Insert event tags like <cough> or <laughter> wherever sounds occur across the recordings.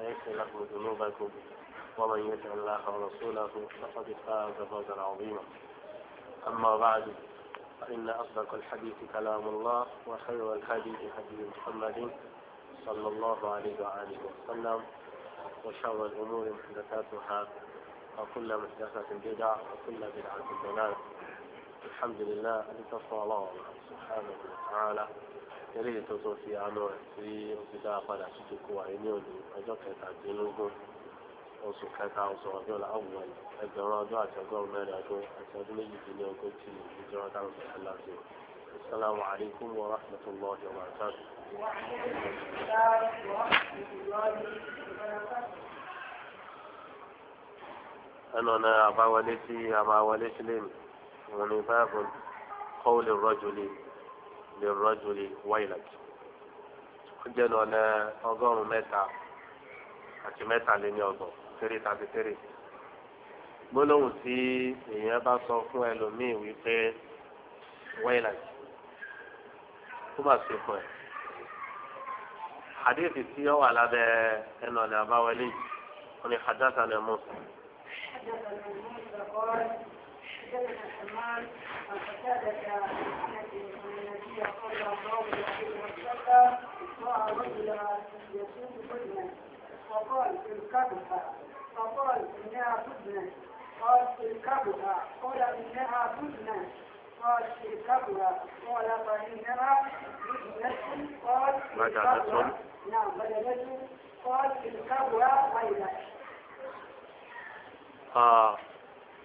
ويغفر لكم ذنوبكم ومن يطع الله ورسوله فقد فاز فوزا عظيما أما بعد فإن أصدق الحديث كلام الله وخير الحديث حديث محمد صلى الله عليه وآله وسلم وشر الأمور محدثاتها وكل محدثة بدعة وكل بدعة ضلالة الحمد لله الذي تصلى الله سبحانه وتعالى eléyìí tó tó fi àánú rẹ̀ tí ó fi dára padà sí tó kó wáyé ní òní ọjọ́ kẹtàdínlógún oṣù kẹta oṣù ọjọ́ làwùjọ ẹgbẹ̀rún ọdún àti ọgọ́rùn mẹ́rin ọdún àti ọdún méjìdínlẹ́ ogójì ìjọba táwọn ọ̀sẹ̀ aláàbò السلام عليكم ورحمة الله وبركاته أنا أنا أبا وليتي أبا وليتي لين ونباب قول الرجل lè rọ́jò lè wáyìlàjì ó jẹ́ lọ ní ọgọ́rùn-ún mẹ́ta àti mẹ́ta lé ní ọgbọ̀n three thirty three gbólóhùn tí èèyàn bá sọ fún ẹlòmíì wípé wáyìlàjì ó bá ṣe fún ẹ hadith tí ó wà lábẹ́ ẹnu ọ̀nà àbáwọlé yìí ó ní hadathana Musa. حدثنا موسى قال حدثنا حماد عن قال الله عليه قال راى رجلا يسوق بدنا فقال اركبها انها بدنه قال الكبرى قال انها بدنه قال الكبرى قال فانها بدنه قال بدنه نعم بدنه قال اركبها غيرك آه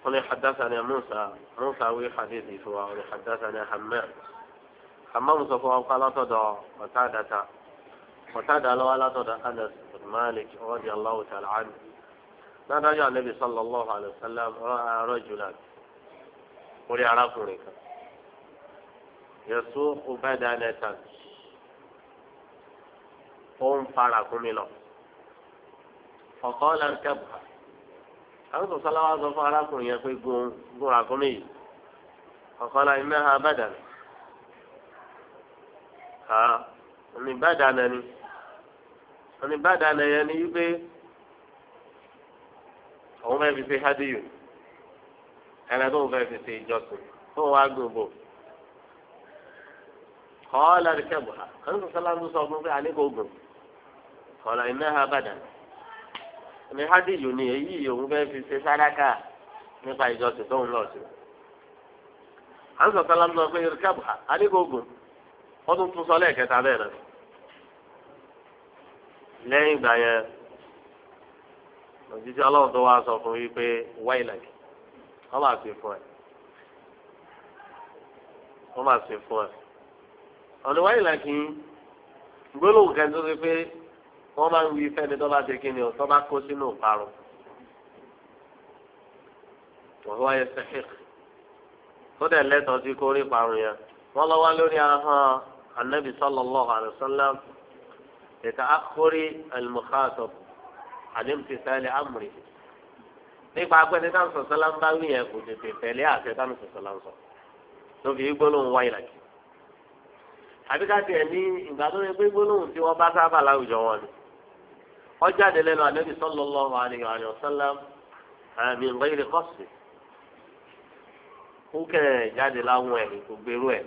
قال حدثني موسى موسى وي حديثي سواء حدثني حماد àmọ́ mo sọ fún ọkọ alátọ̀dọ̀ ọ̀tádàta ọ̀tádà lọ́wọ́ Anas Malik radiyallahu ta'ala anhu dáadájọ́ anabi sallallahu alayhi wa sallam rajulan orí arákùnrin kan yasuqu badanatan ó ń fara kún mi lọ faqala irkabha àwọn sọ̀sọ́ láwọn sọ arákùnrin yẹn pé gún gún ràkúnmí yìí faqala innaha badanah. ọ̀nì ah, ìbádànà ni ọ̀nì ìbádànà yẹn ni wípé òun fẹ́ fi ṣe hádìyù ẹ̀rẹ́ tó ń fẹ́ fi ṣe ìjọsìn tó wàá gbogbo kọ́ọ́lá rẹ̀ kẹ́bù ha kàn ń sọ́sọ́ láńdó sọ fún pé alẹ́ kò gùn kọ́ọ́lá iná ha bàdàn ni èyí òun fẹ́ fi ṣe sadaka nípa ìjọsìn tó ń lọ sí. kanu ń sọ́sọ́ láńdó sọ pé rẹ̀ ha alẹ́ ko gùn. wọ́n tún tún sọ lẹ́ẹ̀kẹta bẹ́ẹ̀ náà lẹ́yìn ìgbà yẹn òjijì ọlọ́run tó wá sọ fún yí pé wáìlẹ̀kì wọ́n máa ṣe fún ẹ wọ́n máa ṣe fún ẹ ọ̀nà wáìlẹ̀kì gbólóhùn kan tó ṣe pé wọ́n máa ń wí fẹ́ni tó bá ṣe kí ni ọ̀tọ́ bá kó sínú ìparun wọ́n wáyé sẹ́kì tó dẹ̀ lẹ́tọ̀ọ́ sí kórìí ìparun yẹn wọ́n lọ wá lórí ahọ́n. النبي صلى الله عليه وسلم لتأخر المخاطب عن امتثال أمره nípa agbẹ́ni táwọn sọ̀sọ́ la ń bá wí yẹn kò tètè tẹ̀lé àṣẹ táwọn sọ̀sọ́ la ń sọ tó fi gbólóhùn wáyé làkì. àbí ká tiẹ̀ ní ìgbà tó yẹ pé gbólóhùn tí wọ́n bá sábà láwùjọ wọn ni. wọ́n jáde lẹ́nu ànábì sallallahu alaihi wa sallam àmì ìgbà yìí kọ́sì. kúkẹ́ jáde láwọn ẹ̀ kò gbèrú ẹ̀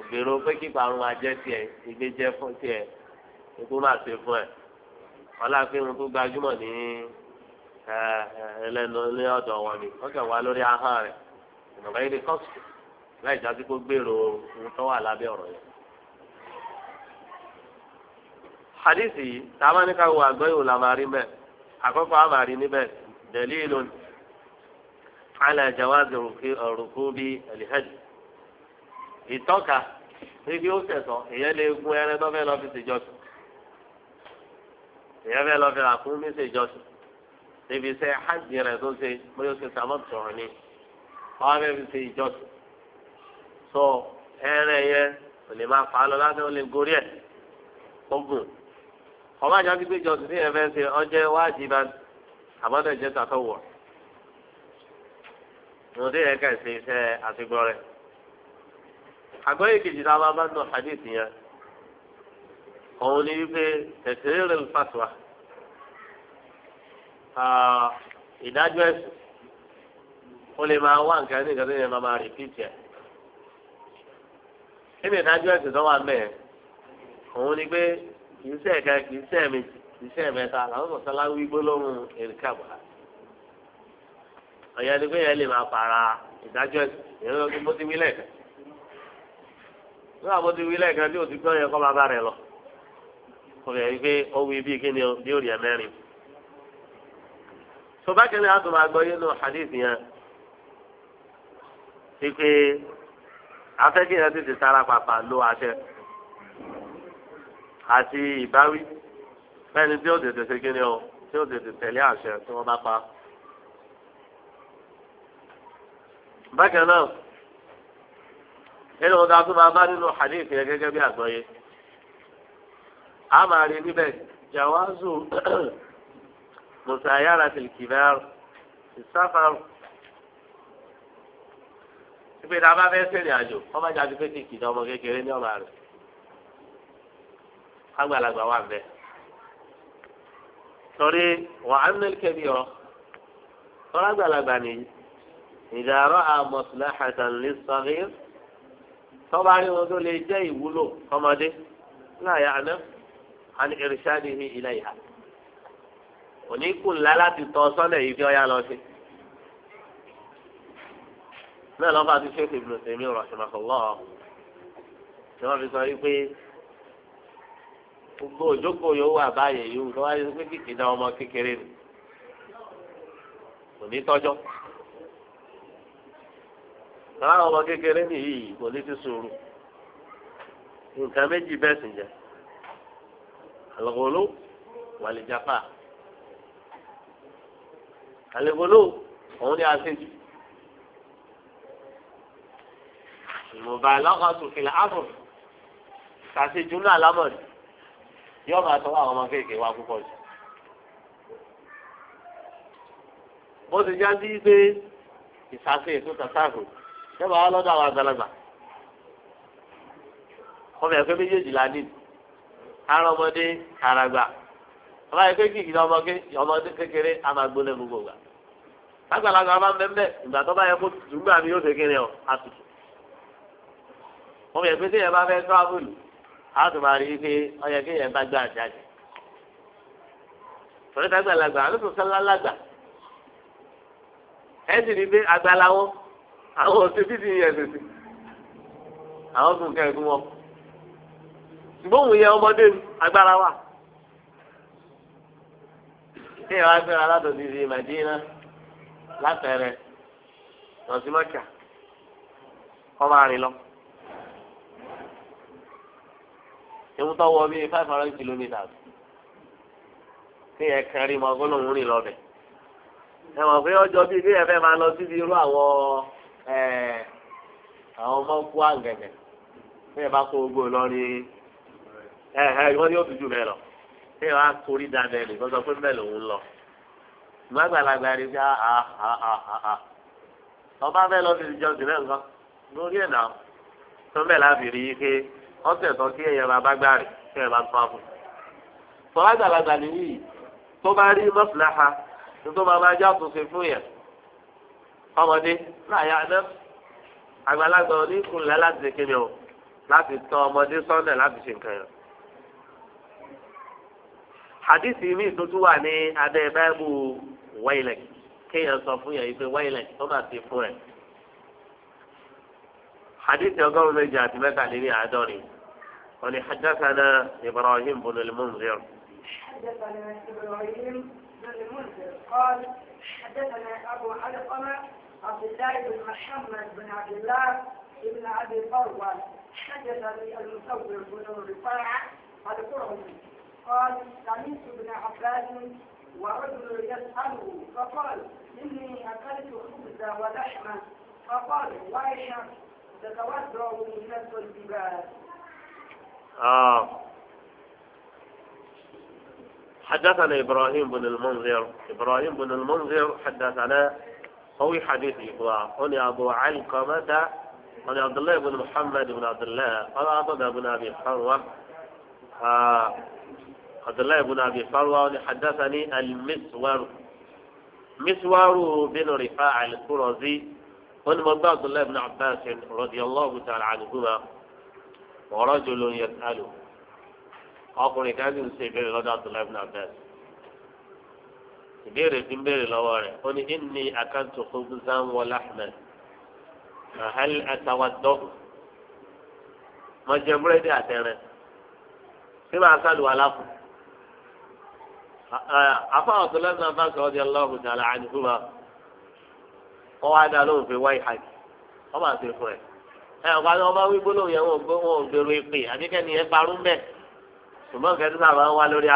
òbèrò pé kíkọ àrùn ajẹ́ tiẹ̀ ìgbé jẹ́ fún tiẹ̀ ikú máa ṣe fún ẹ̀ ọláfíìmù tó gbajúmọ̀ ní ẹlẹ́nu ní ọ̀dọ̀ wọn ni wọ́n kẹ̀ wá lórí ahọ́n rẹ̀ ìnàbà yìí ni kọ́sù láì jásí kó gbèrò ohun tó wà lábẹ́ ọ̀rọ̀ yẹn. hadisi yìí táwọn ní ká wo yìí la máa rí mẹ́ àkọ́kọ́ a máa rí níbẹ̀ dalilun ala jawazi rukubi alihadi ìtọ́ka níbi ó sẹ̀sọ̀ èyàn lè gun ẹran tó fẹ́ lọ fi ṣèjọsìn èyàn fẹ́ lọ fi ràkún mi ṣèjọsìn níbi iṣẹ́ hajj rẹ̀ tó ṣe bóyá ó ṣe sàmọ́tò ọ̀rọ̀ ni wọ́n fẹ́ fi ṣe ìjọsìn sọ ẹran yẹn kò lè máa fà á lọ lásán ó lè gorí ẹ̀ kó gùn ọba àjọ gbígbé ìjọsìn ní ẹ̀fẹ́ ṣe ọjọ́ wájú ibà àbọ̀dọ̀ ìjẹta tó wọ̀ ọ̀dẹ́ yẹn kà ṣe iṣẹ́ àtìgbọ́ rẹ̀ àgbáyé kejì tá a máa bá nù hadith yẹn òun ni wípé tẹ̀sílẹ̀ rẹ̀ fàtúwà ìdájọ́ ẹ̀sìn ó lè máa wá nǹkan ní nǹkan tó yẹ máa máa rìpíìtì ẹ̀ ni ìdájọ́ ẹ̀sìn tó wà mẹ́ẹ̀ òun ni pé kì í ṣe ẹ̀ka kì í ṣe ẹ̀mejì kì í ṣe ẹ̀mẹ́ta làwọn sọ̀sọ́lá wí gbólóhùn èrìkàbà ọ̀yẹ́ni pé yẹn lè máa pààrà ìdájọ́ ẹ̀sìn ìrìn lọ́dún bó ti wí nígbà bó ti wí lẹ́ẹ̀kan tí o ti gbọ́ yẹ kọ́ bàbá rẹ lọ kò yẹ wípé ó wí bíi kíni o bí ó rí ẹ mẹ́rin. sọba kẹ́lẹ́ àtúntò àgbọ̀ yẹn nù hadith yẹn wípé afẹ́kẹ́ yẹn ti ti sára pàpà lo àṣẹ àti ìbáwí fẹ́ni tí ó tètè ṣe kíni o tí ó tètè tẹ̀lé àṣẹ tí wọ́n bá pa. bákan náà nínú ọ̀gá tó máa bá nínú hadith yẹn gẹ́gẹ́ bí àgbọ̀yé a máa rí níbẹ̀ jawazu <clears throat> musayara tilikibar safar ìpè tá a bá fẹ́ sẹ́rìn àjò wọ́n máa jáde pé kì í kì í ọmọ kékeré ní ọ̀la rẹ̀ àgbàlagbà wà bẹ́ẹ̀ torí wà á nílò kẹ́bi ọ tọ́lágbàlagbà ni ìdàrọ́ àmọ̀tìlá hasan lè sọ fún tọ́ba rí wọn tó lè jẹ́ ìwúlò ọmọdé láàyè àná àni ìrìṣàdì ní ilẹ̀ ìhà òní kù ńlá láti tọ́ sọ́nà yìí kí ọ̀yá lọ sí náà lọ́ba ti ṣe ìbùdó tèmi rọ̀ṣùmọ̀kọ̀lọ́ ni wọ́n fi sọ wípé gbogbo òjókòó yóò wà báyìí yìí nǹkan wáyé pé kìkì náà ọmọ kékeré ni òní tọ́jọ́ àwọn ọmọ kékeré nìyí kò ní ti sòrò nǹkan méjì bẹ́ẹ̀ sì jẹ́ àlọ́gọ́ló wàlìjàpá àlẹ́gọ́ló òun ni a ṣe jù ìmọ̀ba aláwọ̀sùn fìlà áfọ̀ kàṣe jù náà lámọ̀rì yóò máa tọ́ àwọn ọmọ kékeré wa púpọ̀ jù. bó ti já sí pé ìsàkè tó tàtàkùn kẹ́bà wá lọ́dọ̀ àwọn àgbàlagbà ọmọ ẹ̀kọ́ méjèèjì la ní ara ọmọdé ara ọmọ ẹ̀kọ́ kìkì ní ọmọdé kékeré a máa gbogbo gbà àgbàlagbà máa ń ìgbà tó bá yẹ kó tutù mi yóò kékeré ọ àtutù ọmọ ẹ̀kọ́ tí yẹn bá fẹ́ tíráfùlù á tún ọyẹ kí yẹn bá gbà jáde tọ́lẹ́tà àgbàlagbà àlùfáà sọ́lá lágbà ẹ̀ sì ní pé àgbàlagbà àwọn òsè bí ti yẹn sèse àwọn kò kẹ́ ẹ̀kú ṣùgbọ́n òun yẹ ọmọdé agbára wà ṣé ìwà agbára aládùn ti di Mẹdínà látẹrẹ lọsímọkà ọmọ àrìn lọ tó wọ bíi five hundred kilometres ṣé rìn lọ bẹ̀ ẹ mọ̀ pé ọjọ́ bíi bí ẹ fẹ́ máa lọ àwọn ọmọ ń bá kó ẹ ẹ jù lọ torí sọ pé bí a a a a ọba jọ nǹkan lórí náà tó láti rí i pé tó kí gbà kí àgbàlagbà nìyí tó bá rí tó jẹ́ àtúnṣe fún yẹn ọmọdé láyé àná àgbàlagbà oníkùnlẹ̀ láti ṣe kéde o láti tọ́ ọmọdé sọ́nà láti ṣe nǹkan yẹn. hadith mi tó wà ní abẹ́ báíbù wáyìlẹ̀ kéèyàn sọ fún yẹn ìpè wáyìlẹ̀ tó bá ti fún ẹ̀. hadith ọgọ́rùn-ún méjì àti mẹ́tàléní àádọ́rin wọ́n ní hadathana ibrahim bin al-munzir. hadathana ibrahim bin al-munzir qala hadathana abu alqama. عبد الله بن محمد بن عبد الله بن أبي فروة حدث لي المصور بن رفاعة القرمي قال سمعت ابن عباس ورجل يسأله فقال إني أكلت خبزا ولحما فقال وعشا تتوزع من نفس الجبال آه. حدثنا إبراهيم بن المنذر إبراهيم بن المنذر حدثنا قوي حديث إخوة قولي أبو علقمة قولي عبد الله بن محمد بن عبد الله قال أبو بن أبي حروة آه عبد الله بن أبي حروة حدثني المسور مسور بن رفاع الكرزي قل عبد الله بن عباس رضي الله تعالى عنهما ورجل يسأله أخبرني كان يسأل عبد الله بن عباس ìbéèrè tí ń béèrè lọ́wọ́ rẹ̀ ó ní inni akantu khubzan wa a ahal atawaddo Ma búrẹ́dì àtẹrẹ tí màá sálù wà láfù. afa ọ̀tọ̀lẹ́ náà bá sọ ọ́ di ọlọ́run dàlá àdìgúnmá wọ́n wá dá lóhùn fi wáyé hajj fún ẹ̀. ẹ ọ̀gá ni wọ́n bá wí gbólóhùn yẹn ò gbèrò ìpè ẹ parún bẹ́ẹ̀ ṣùgbọ́n kẹ́tí sábà ń wá lórí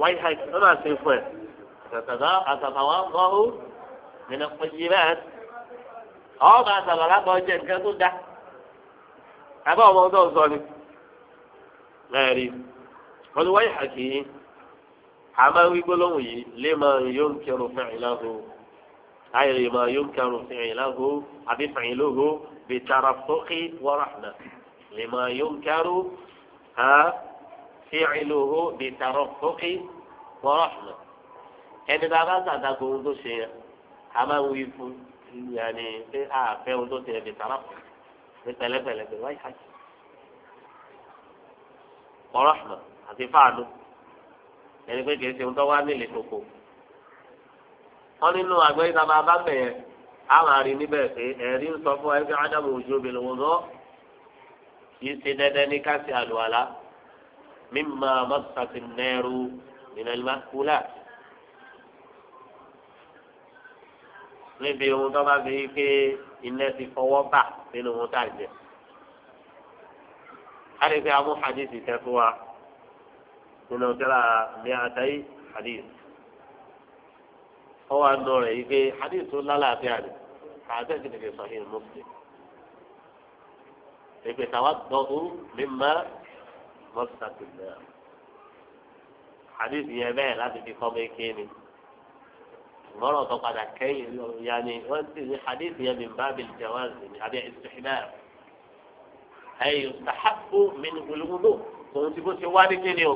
white house ló máa ṣe fún ẹ tẹ̀tẹ̀tà àtàtàwà gbọ́hó nínú pẹ̀jì náà ọ̀ máa sàlọ̀ lábọ̀ ọjẹ́ nǹkan tó dá àbá ọmọ ọdọ́ sọ ni lẹ́ẹ̀rí wọ́n ti wáyé hàkì yìí àmọ́ wí gbólóhùn yìí lè máa yóò ń kẹrù fẹ̀yìn láhùn ayẹyẹ máa yóò ń kẹrù fẹ̀yìn láhùn àbí fẹ̀yìn lóhùn bìtàrà fókè wọ́ràhùnà lè máa yóò ń kẹrù hàn fíìlúhu bìtàrọ̀ fúkì wọ́rọ̀fùnà ẹni tá a bá sàdáko ohun tó ṣe a máa ń wí fún yanni pé a fẹ́ ohun tó ṣe bìtàrọ̀ ní pẹ̀lẹ́pẹ̀lẹ́ pé wáyé hajj wọ́rọ̀fùnà àti fáànù ẹni pé kìí ṣe ohun tó wá nílé koko wọ́n nínú àgbẹ̀yìn tá a bá bẹ̀yẹn a máa rí níbẹ̀ pé ẹ̀rí ń sọ fún ẹgbẹ́ ádámù òjò bìlùwọ̀n náà kìí ṣe dẹ́dẹ́ ní ká ṣe mímà mọ́tàkì nẹ́rù minal makulat. níbi ohun tó bá fi pé iná ti fọwọ́ bà nínú ohun tá a jẹ. àdìsí amú hadith tẹ fún wa nínú tẹ́lá ní àtàyè hadith. ọwọ́ àdó rẹ̀ yìí pé hadith tó lálàáfíà ni kàtẹ́sì ni fi sahih Muslim. ìpèsè àwọn gbọ́dọ̀ mímà mọ́tàkìlẹ̀ àdìsí yẹn bẹ́ẹ̀ láti fi kọ́ bẹ́ẹ̀ ké ni mọ́rọ̀ tó padà kẹ́yìn yanni wọ́n ti ní àdìsí yẹn min bábìl jawaazi ni àbí ìsìlẹ̀ ẹ̀yìn ìsàhàbù mi ni gbólógbóló tòun ti bó ti wá ní ké ni o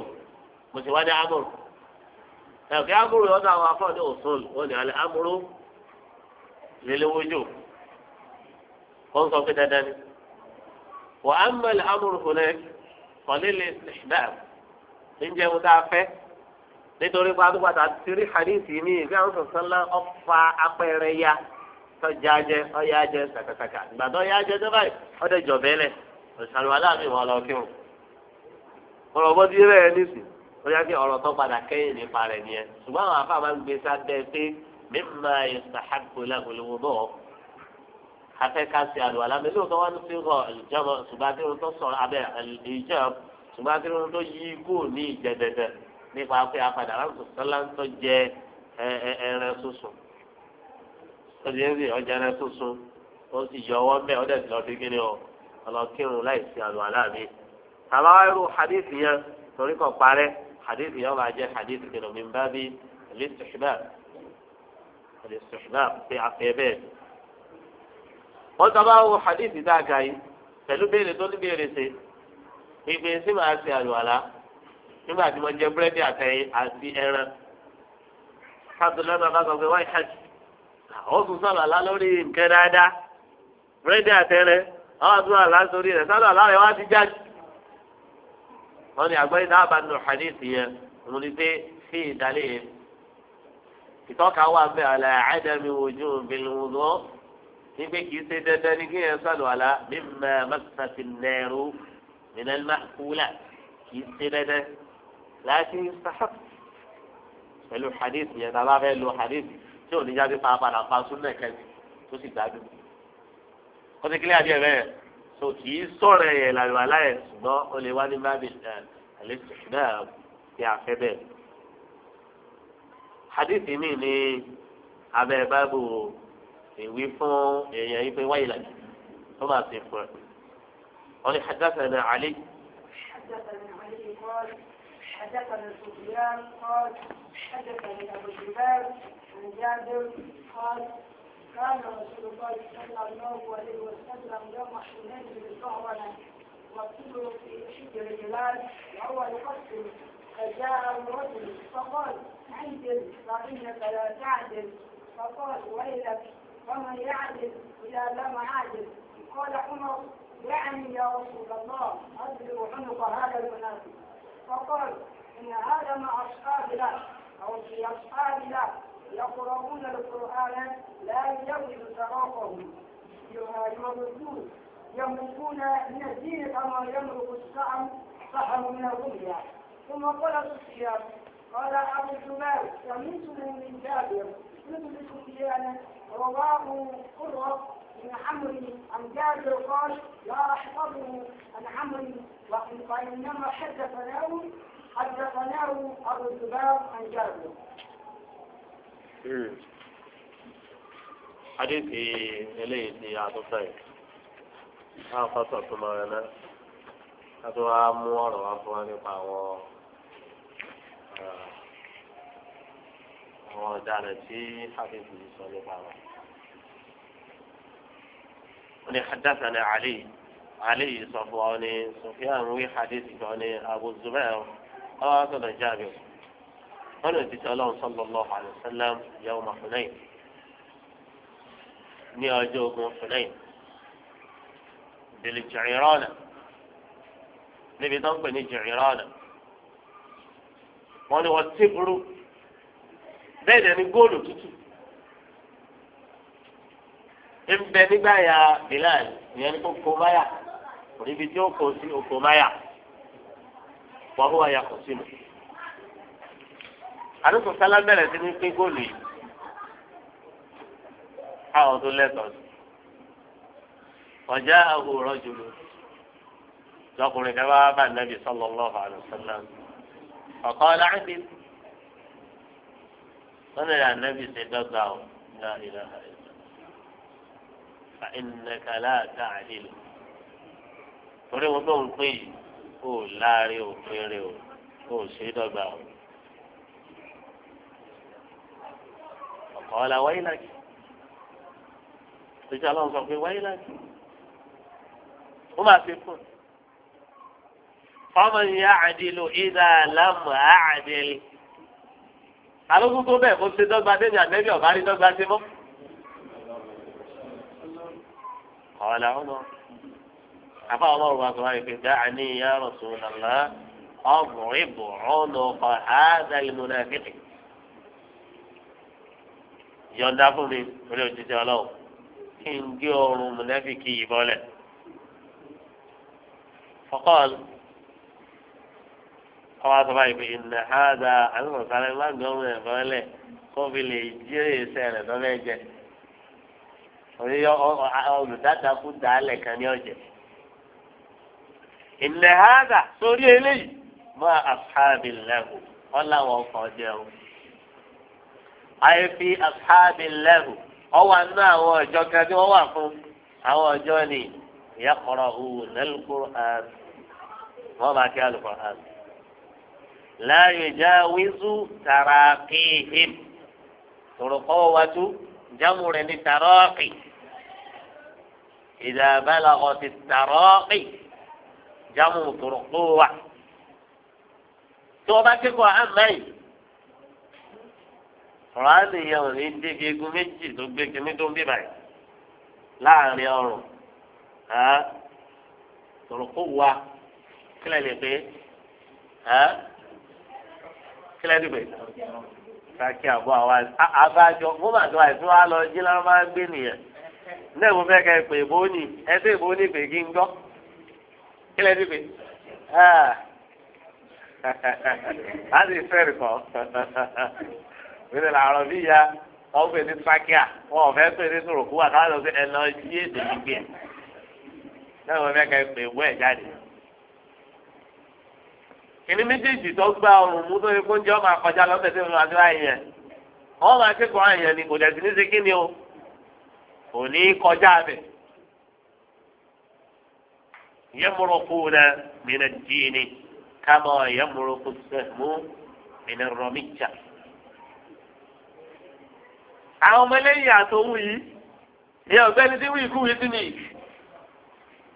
mo ti wá ní amúrù ẹ̀kẹ́ amúrù yọ̀ọ́ náà wà fún ọdún òsùn wọn ni alẹ́ amúrù lélẹ́wọ́jọ́ wọ́n sọ pé dandan ni wà á mẹ́lẹ̀ amúrù fún ẹ̀ kọ́lélẹ̀ ìṣẹ̀dá níjẹ́ wo tá a fẹ́ nítorí pé adúgbàtà hadithi mi ìgbà ń ya tọ́jà jẹ ọ̀yà jẹ kàkàkàkà jẹ tó báyìí ọ̀dẹ jọ̀bẹ́lẹ̀ òṣàlùwàlá mi wọ́n lọ kírun. ọ̀rọ̀ bọ́ ti rẹ̀ nísì tó padà akẹ́kọ̀ọ́sí àlùwàlá mi lóòótọ́ wá ní fíkọ̀ ìjọba ṣùgbọ́n akérò tó sọ̀rọ̀ abẹ́ ìjọba ṣùgbọ́n akérò tó yí kú ní ìjẹ̀dẹ̀dẹ̀ nípa pé apàdà aláǹtọ̀ sọ́láńtọ̀ jẹ ẹrẹ sísun ó ti ń rí ọjà ẹrẹ sísun ó sì yọ ọwọ́ mẹ́ ọ́ dẹ̀sí lọ́dún kí ni ọ ọlọ́kírun láìsí àlùwàlá mi. àmọ́ irú hadith yẹn torí kò parẹ́ hadith yẹn máa jẹ́ hadith kìnnìún mi bá bí wọ́n sábà wo hadith tá a kà yìí pẹ̀lú béèrè tó ní béèrè ṣe ìgbè sí màá ṣe àlùwàlá nígbà tí mo jẹ búrẹ́dì àtẹ̀yìn àti ẹran káàtúndà náà bá sọ pé wáyé hajj ó tún sọ̀rọ̀ àlá nǹkan dáadáa búrẹ́dì àtẹ̀rẹ̀ àwọn àtúntò àlá sórí rẹ̀ sálọ̀ àlá wá ti jáde. wọ́n ní àgbáyé náà bá nù hadith yẹn mo ní pé fi ìdálé yẹn ìtọ́ka wà bẹ́ẹ̀ àlàyé àdàmì ojú òbí nígbè kìí ṣe dandan ní kí yẹn sàlù àlá mímọ mẹsàtì nẹrù minal ma'kula kìí ṣe dandan láti sàhàb pẹ̀lú hadith yẹn tàbá fẹ́ lo hadith tí òní jáde pa padà pa súnà kẹ́sì tó sì gbádùn. ó ti kílẹ̀ àdìẹ bẹ́ẹ̀ so kìí sọ̀rọ̀ yẹn làlù àlá yẹn ṣùgbọ́n ó lè wá ní bábí àlẹ́ ṣùgbọ́n tí a ìwí fún èèyàn yìí pé wáyé làjì tó máa ṣe حدثنا علي. حدثنا علي قال حدثنا سفيان قال حدثني ابو الزبير عن جابر قال كان رسول الله صلى الله عليه وسلم يوم حنين بالقهوه والطفل في شجر الجبال وهو يقسم فجاء رجل فقال عندي فانك لا تعجل فقال ويلك ومن يعجل إلى لم عاجل قال عمر دعني يا رسول الله أدلو عنق هذا المنافق فقال إن هذا مع أصحاب له أو في أصحاب له يقرؤون القرآن لا يجوز تراقهم يملكون يملكون من الدين كما يملك السعم سهم من الرمية ثم قال الصيام قال أبو الجمال سمعت من جابر مثل ديانه رواه قرة بن عمرو عن جابر قال لا أحفظه عن عمرو وإنما حدثناه حدثناه أبو الزباب عن جابر. حديثي إليه يا أبو سعيد. a kọsọ tó lọ rẹ náà a tó wá mú ọ̀rọ̀ wá fún wọn ni hadathana ali ali yìí sọ fún wa wọn ni sofiyan wí hadith kan wọn ni abu zubair ọwọ sọdọ jaabi wọn ni òtítọ́ ọlọ́run sallallahu alaihi wasallam yawma hunayn ní ọjọ́ ogun hunayn bìlì jìrìrọ́nà níbi tó ń pè ní jìrìrọ́nà wọn ni wọn ti burú bẹ́ẹ̀ dẹ̀ góòlù tútù. ń bẹ nígbà ya Bilal ìyẹn ní kókó máyà oníbi tí ó kó sí oko máyà wọ́n wá ya kó sínú. àdúgbò sálá bẹ̀rẹ̀ sí ní pín góòlù yìí káwọn tó lẹ́tọ̀ọ́ sí. ọ̀já àwòrán jùlọ lọkùnrin kan bá bá nàbì sallallahu alaihi wasallam ọ̀kọ́ láńbí wọ́n lè rà nàbì ṣe dọ́gba ọ̀ ní àìlera rẹ̀. fa innaka la ta'dil torí wọn tó ń pè yìí kó o láàrin o péré o kó o ṣe dọ́gba o. ọ̀kọ́ ọ̀la wáyé láti tòjú àlọ́ sọ pé wáyé láti ó máa fi kún. ọmọ ìyá àdìlù ìdá àlámù àádìlì. alógún tó bẹ́ẹ̀ kó ṣe dọ́gba débi àtẹ́bí ọ̀bá rí dọ́gba ṣe mọ́. قال عمر عفا الله ما سمعك دعني يا رسول الله أضرب عنق هذا المنافق yọ̀ǹda fún mi lórí òjijì ọlọ́wọ́ kí n gé ọrùn mùnáfíkì yìí bọ́lẹ̀. fọ́kọ́l ọwọ́ àtọ́ báyìí pé ìnà hádà àlùmọ̀sálẹ̀ má gbé ọrùn ẹ̀ bọ́lẹ̀ kó fi lè jí èsẹ̀ rẹ̀ lọ́lẹ́jẹ̀. oníyọ olùdádàkú dàálẹ̀ kan ní ọ̀jẹ̀. ìnẹ̀hádà sórí eléyìí mọ́ àfáàbìlẹ́hù wọ́n láwọn ọkọ̀ ọjẹ́ o. àìfi àfáàbìlẹ́hù ọwọ́ àná àwọn ọjọ́ kan tí wọ́n wà fún àwọn ọjọ́ ni ìyẹ́kọ̀rọ̀ òwò lẹ́lùkúrò ààrẹ wọ́n máa kí alùpùpù ààrẹ. láàyè já wíṣú ọ hìm tòròkọ́ wájú. jamu rẹ̀ ní tarọ́ọ̀kì ìdá balagọ̀ ti tarọ́ọ̀kì jamu turukuwa tí wọ́n bá kékọ̀ọ́ àmẹ́yìn kùránì yẹn ò ní débi egun méjì tó gbé kíní tó ń bí báyìí láàrin ọrùn turukuwa kílẹ̀ lè pé kílẹ̀ lè pé. káàkiri àbọ̀ àwa àbájọ mo máa tó àìsàn wa lọ jí lára máa gbé nìyẹn fẹ́ ẹ pè bó ní ẹ pè bó ní pè kí gbọ́ kí lẹ ti pè ah. <laughs> á sì fẹ́ rìkọ́ <laughs> bí ya wọ́n pè ní sákíà wọ́n pè ní sòròkú fẹ́ ẹ pè bó ẹ̀ jáde. kìnní méjèèjì tó gba ọrùn mú tó yẹ kó ń jẹ́ ọmọ àkọjá lọ́sẹ̀ tó ń lọ yẹn wọ́n máa kẹ́kọ̀ọ́ àyàn ni kò dẹ̀sí ní ṣe kí ni o kò ní í kọjá bẹ̀. na min ad-dini kama yamuruku as-sahmu min ar-ramiyya. àwọn ọmọ ẹlẹ́yìn àtòwú yìí ní ọ̀gbẹ́ni tí wíìkú yìí sí ni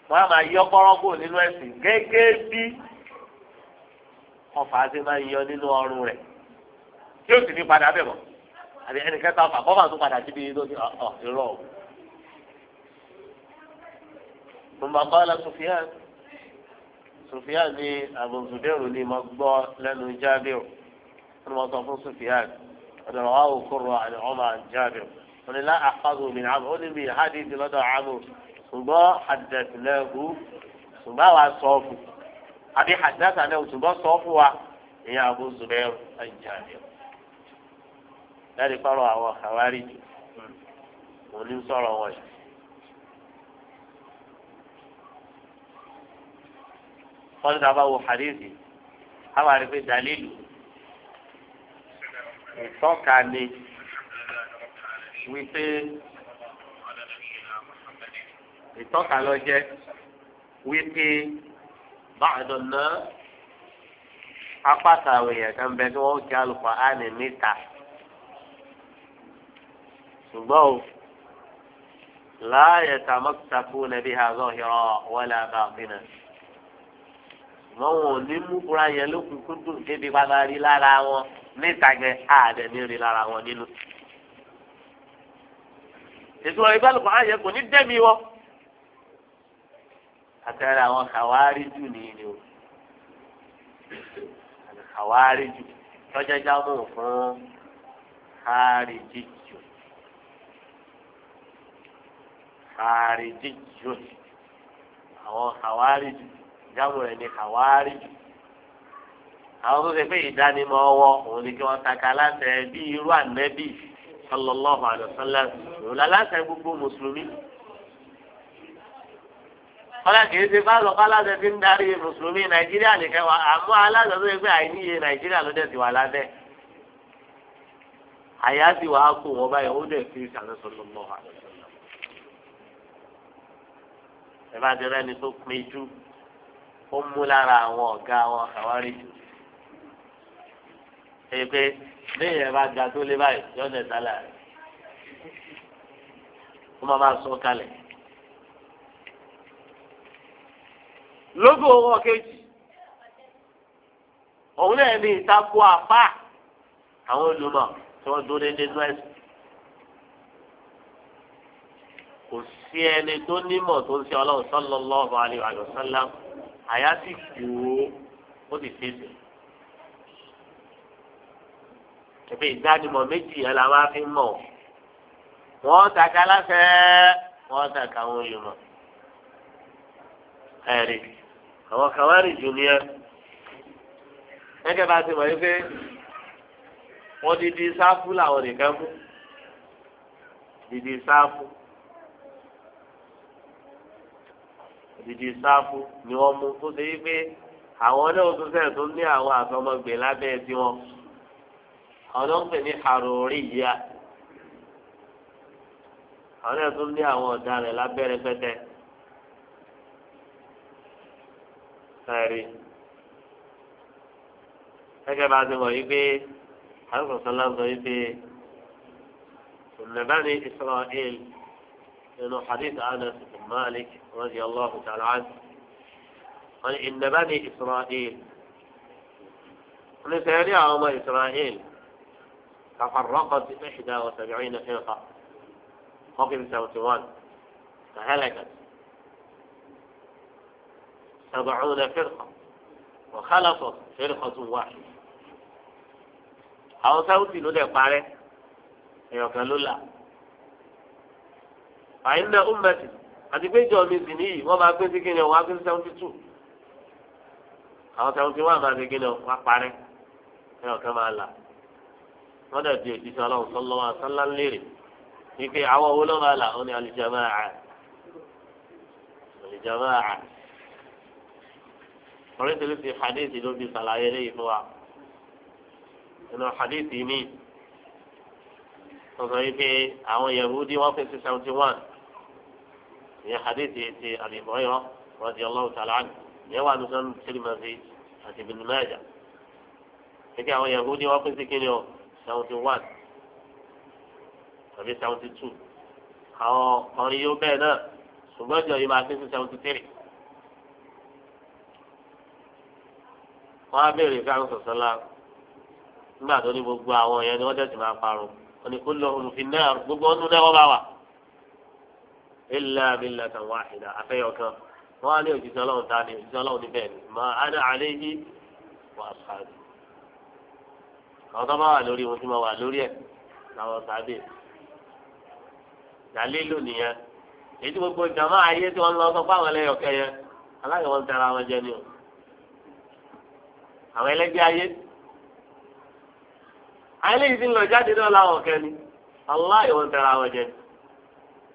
wọ́n á máa yọ kọ́rọ́kù nínú ẹ̀sìn gẹ́gẹ́ bí. ọfà ṣe máa ń yọ nínú ọrùn rẹ̀ tí ó sì ní padà bẹ̀ àbí ẹnì kẹta ọfà kọ́ máa tún padà síbi yìí lóde ọ̀ ìrọ̀ o. Bùnbà kọ́lá Sùfìyàn Sùfìyàn ní àbùzùdẹ́rù ni mo gbọ́ lẹ́nu Jábìrù wọ́n mọ̀ sọ fún Sùfìyàn ọ̀dọ̀ wà ó kúrò àlẹ́ ọmọ Jábìrù wọ́n ní láà àkàzù mi ní àmú ó ní mi ìhádìí ti lọ́dọ̀ àmú ṣùgbọ́n àdẹ̀sílẹ̀ àbí hadasa náà ṣùgbọ́n sọ fún wa ìyá Abu Zubair al láti kọ́rọ̀ àwọn àwárí jù mo ní sọ̀rọ̀ wọn yìí. wọ́n ti dábàá wo hadithi àwọn àrífẹ́ dalilu ìtọ́ka ni wípé ìtọ́ka lọ jẹ́ wípé báyìí lọ́nà apáta àwọn èèyàn kan bẹ kí wọ́n kí alùpùpù àánì níta ṣùgbọ́n o láàyè tàmọ́tàkù nàbí àgọ́ ìrọ̀ wọlé àbàbìnà ṣùgbọ́n wọn ò ní mú kúra yẹn lókùnkún dùn débi padà rí lára wọn níta gẹ àdẹ ní rí lára wọn nínú. ètò ìbálòpọ̀ àyẹ̀kò ní dẹ́mi wọn àtẹ̀rẹ̀ àwọn kàwárí jù nìyí ni o kàwárí jù tọ́jọ́já mọ̀ fún kárìjì jù kárìjì jù àwọn kàwárí jù jáwọ́ rẹ̀ ní kàwárí jù àwọn tó ṣe pé ìdánimọ̀ ọwọ́ òun ni kí wọ́n taka láti bí irú ànẹ́bí sallallahu alaihi wasallam òun láláṣẹ gbogbo mùsùlùmí kọ́lá kìí ṣe bá lọ́kọ́ aláṣẹ ti ń darí mùsùlùmí nàìjíríà nìkan wa àmọ́ aláṣẹ tó yẹ pé àìníye nàìjíríà ló dẹ̀ ti wà lábẹ́ àyà sì wà á kó wọn báyìí ó dẹ̀ fi ṣàlùsọ̀lù mọ́ wa. ẹ bá ti rẹ́ni tó pin jù ó mú lára àwọn ọ̀gá wọn àwárí jù. ṣe pé bẹ́ẹ̀ yẹn bá ga tó lé báyìí yọ̀ọ́ sálà rẹ̀ ó máa bá sọ kalẹ̀. lójú owó kejì òun náà ní ìtakò àpá àwọn olùmọ̀ tí wọ́n dúró déédéé nú ẹ̀sìn. kò sí ẹni tó nímọ̀ tó ń ṣe ọlọ́run sallallahu alaihi wa sallam àyà sì kú ó sì fèsì. ẹ̀fẹ̀ ìdánimọ̀ méjì yẹn la máa fi mọ̀ wọ́n tàkà láfẹ́ wọ́n tàkà àwọn olùmọ̀ ẹ̀rí àwọn kàwárì jù ní ẹ gẹ́gẹ́ bá ti mọ̀ yí pé wọ́n didi sáfù làwọn nìkan mú didi sáfù didi sáfù ni wọ́n mú tó ṣe yí pé àwọn náà tó sẹ̀ tó ní àwọn àtọmọgbè lábẹ́ tiwọn àwọn náà ń pè ní àròrí yíya àwọn náà tó ní àwọn ọ̀daràn lábẹ́ rẹpẹtẹ. ẹ̀sán rí gẹ́gẹ́ bá a ti wọ̀ yí pé àwọn sọ̀lá sọ yí pé ìnàbáni Israel nínú hadith Anas bin Malik radiyallahu ta'ala anhu wọ́n ní ìnàbáni Israel wọ́n sẹ́yìn rí àwọn ọmọ Israel تفرقت إحدى وسبعين فرقة وقل 71 فهلكت سبعون فرقة وخلطت فرقة واحدة àwọn sáwùtì ló dẹ̀ parẹ́ èèyàn kan ló là àyínná ummati àti pé ìjọ mi sì níyì wọ́n máa pín sí kíni wọ́n á pín sí seventy two àwọn seventy one máa ṣe kíni wọ́n á parẹ́ èèyàn kan máa là wọ́n dẹ̀ di òjijì ọlọ́run sallallahu alaihi wasallam léèrè wípé àwọn owó ló máa là ó ní al-jama'a al-jama'a oríṣiríṣi hadithi ló fi ṣàlàyé léyìí fún wa nínú hadithi mi sọsọ yìí pé àwọn yahudi wọn fèsì seventy one ìyẹn hadithi ti àbíbọyọ radiyallahu ta'ala anhu ìyẹn wà lùsàn tìrìmọsì àti ibn Majah kékeré àwọn yahudi wọn fèsì kiri o seventy one tàbí seventy two àwọn ọ̀rìn yóò bẹ́ẹ̀ náà ṣùgbọ́n ìjọ yìí máa fèsì seventy three. wọn á béèrè fún àwọn sọ̀sọ́lá nígbà tó ní gbogbo àwọn yẹn ni wọ́n tẹ̀sí máa parun wọn ni kó lọ olùfin náà gbogbo ọdún náà wọ́n bá wà. ilà abilà kan wà ìdá afẹ́yọ̀ kan wọn á ní òjijì ọlọ́run tá a ní òjijì ọlọ́run níbẹ̀ ni mà á ní alẹ́ yìí wà á sáré. àwọn tó bá wà lórí wọn tí mo wà lórí ẹ̀ làwọn sábẹ́ dalilu nìyẹn èyí tí gbogbo jàmáà ayé tí wọ́n lọ sọ fáwọn ẹlẹ́yọ̀kẹ́ yẹn aláyọ̀ wọn tẹ̀ra wọn jẹ ni o. àwọn ẹlẹ́gbẹ́ ayé ayé yìí ti ń lọ jáde náà láwọn ọ̀kẹ́ ni aláì wọn tẹra wọn jẹ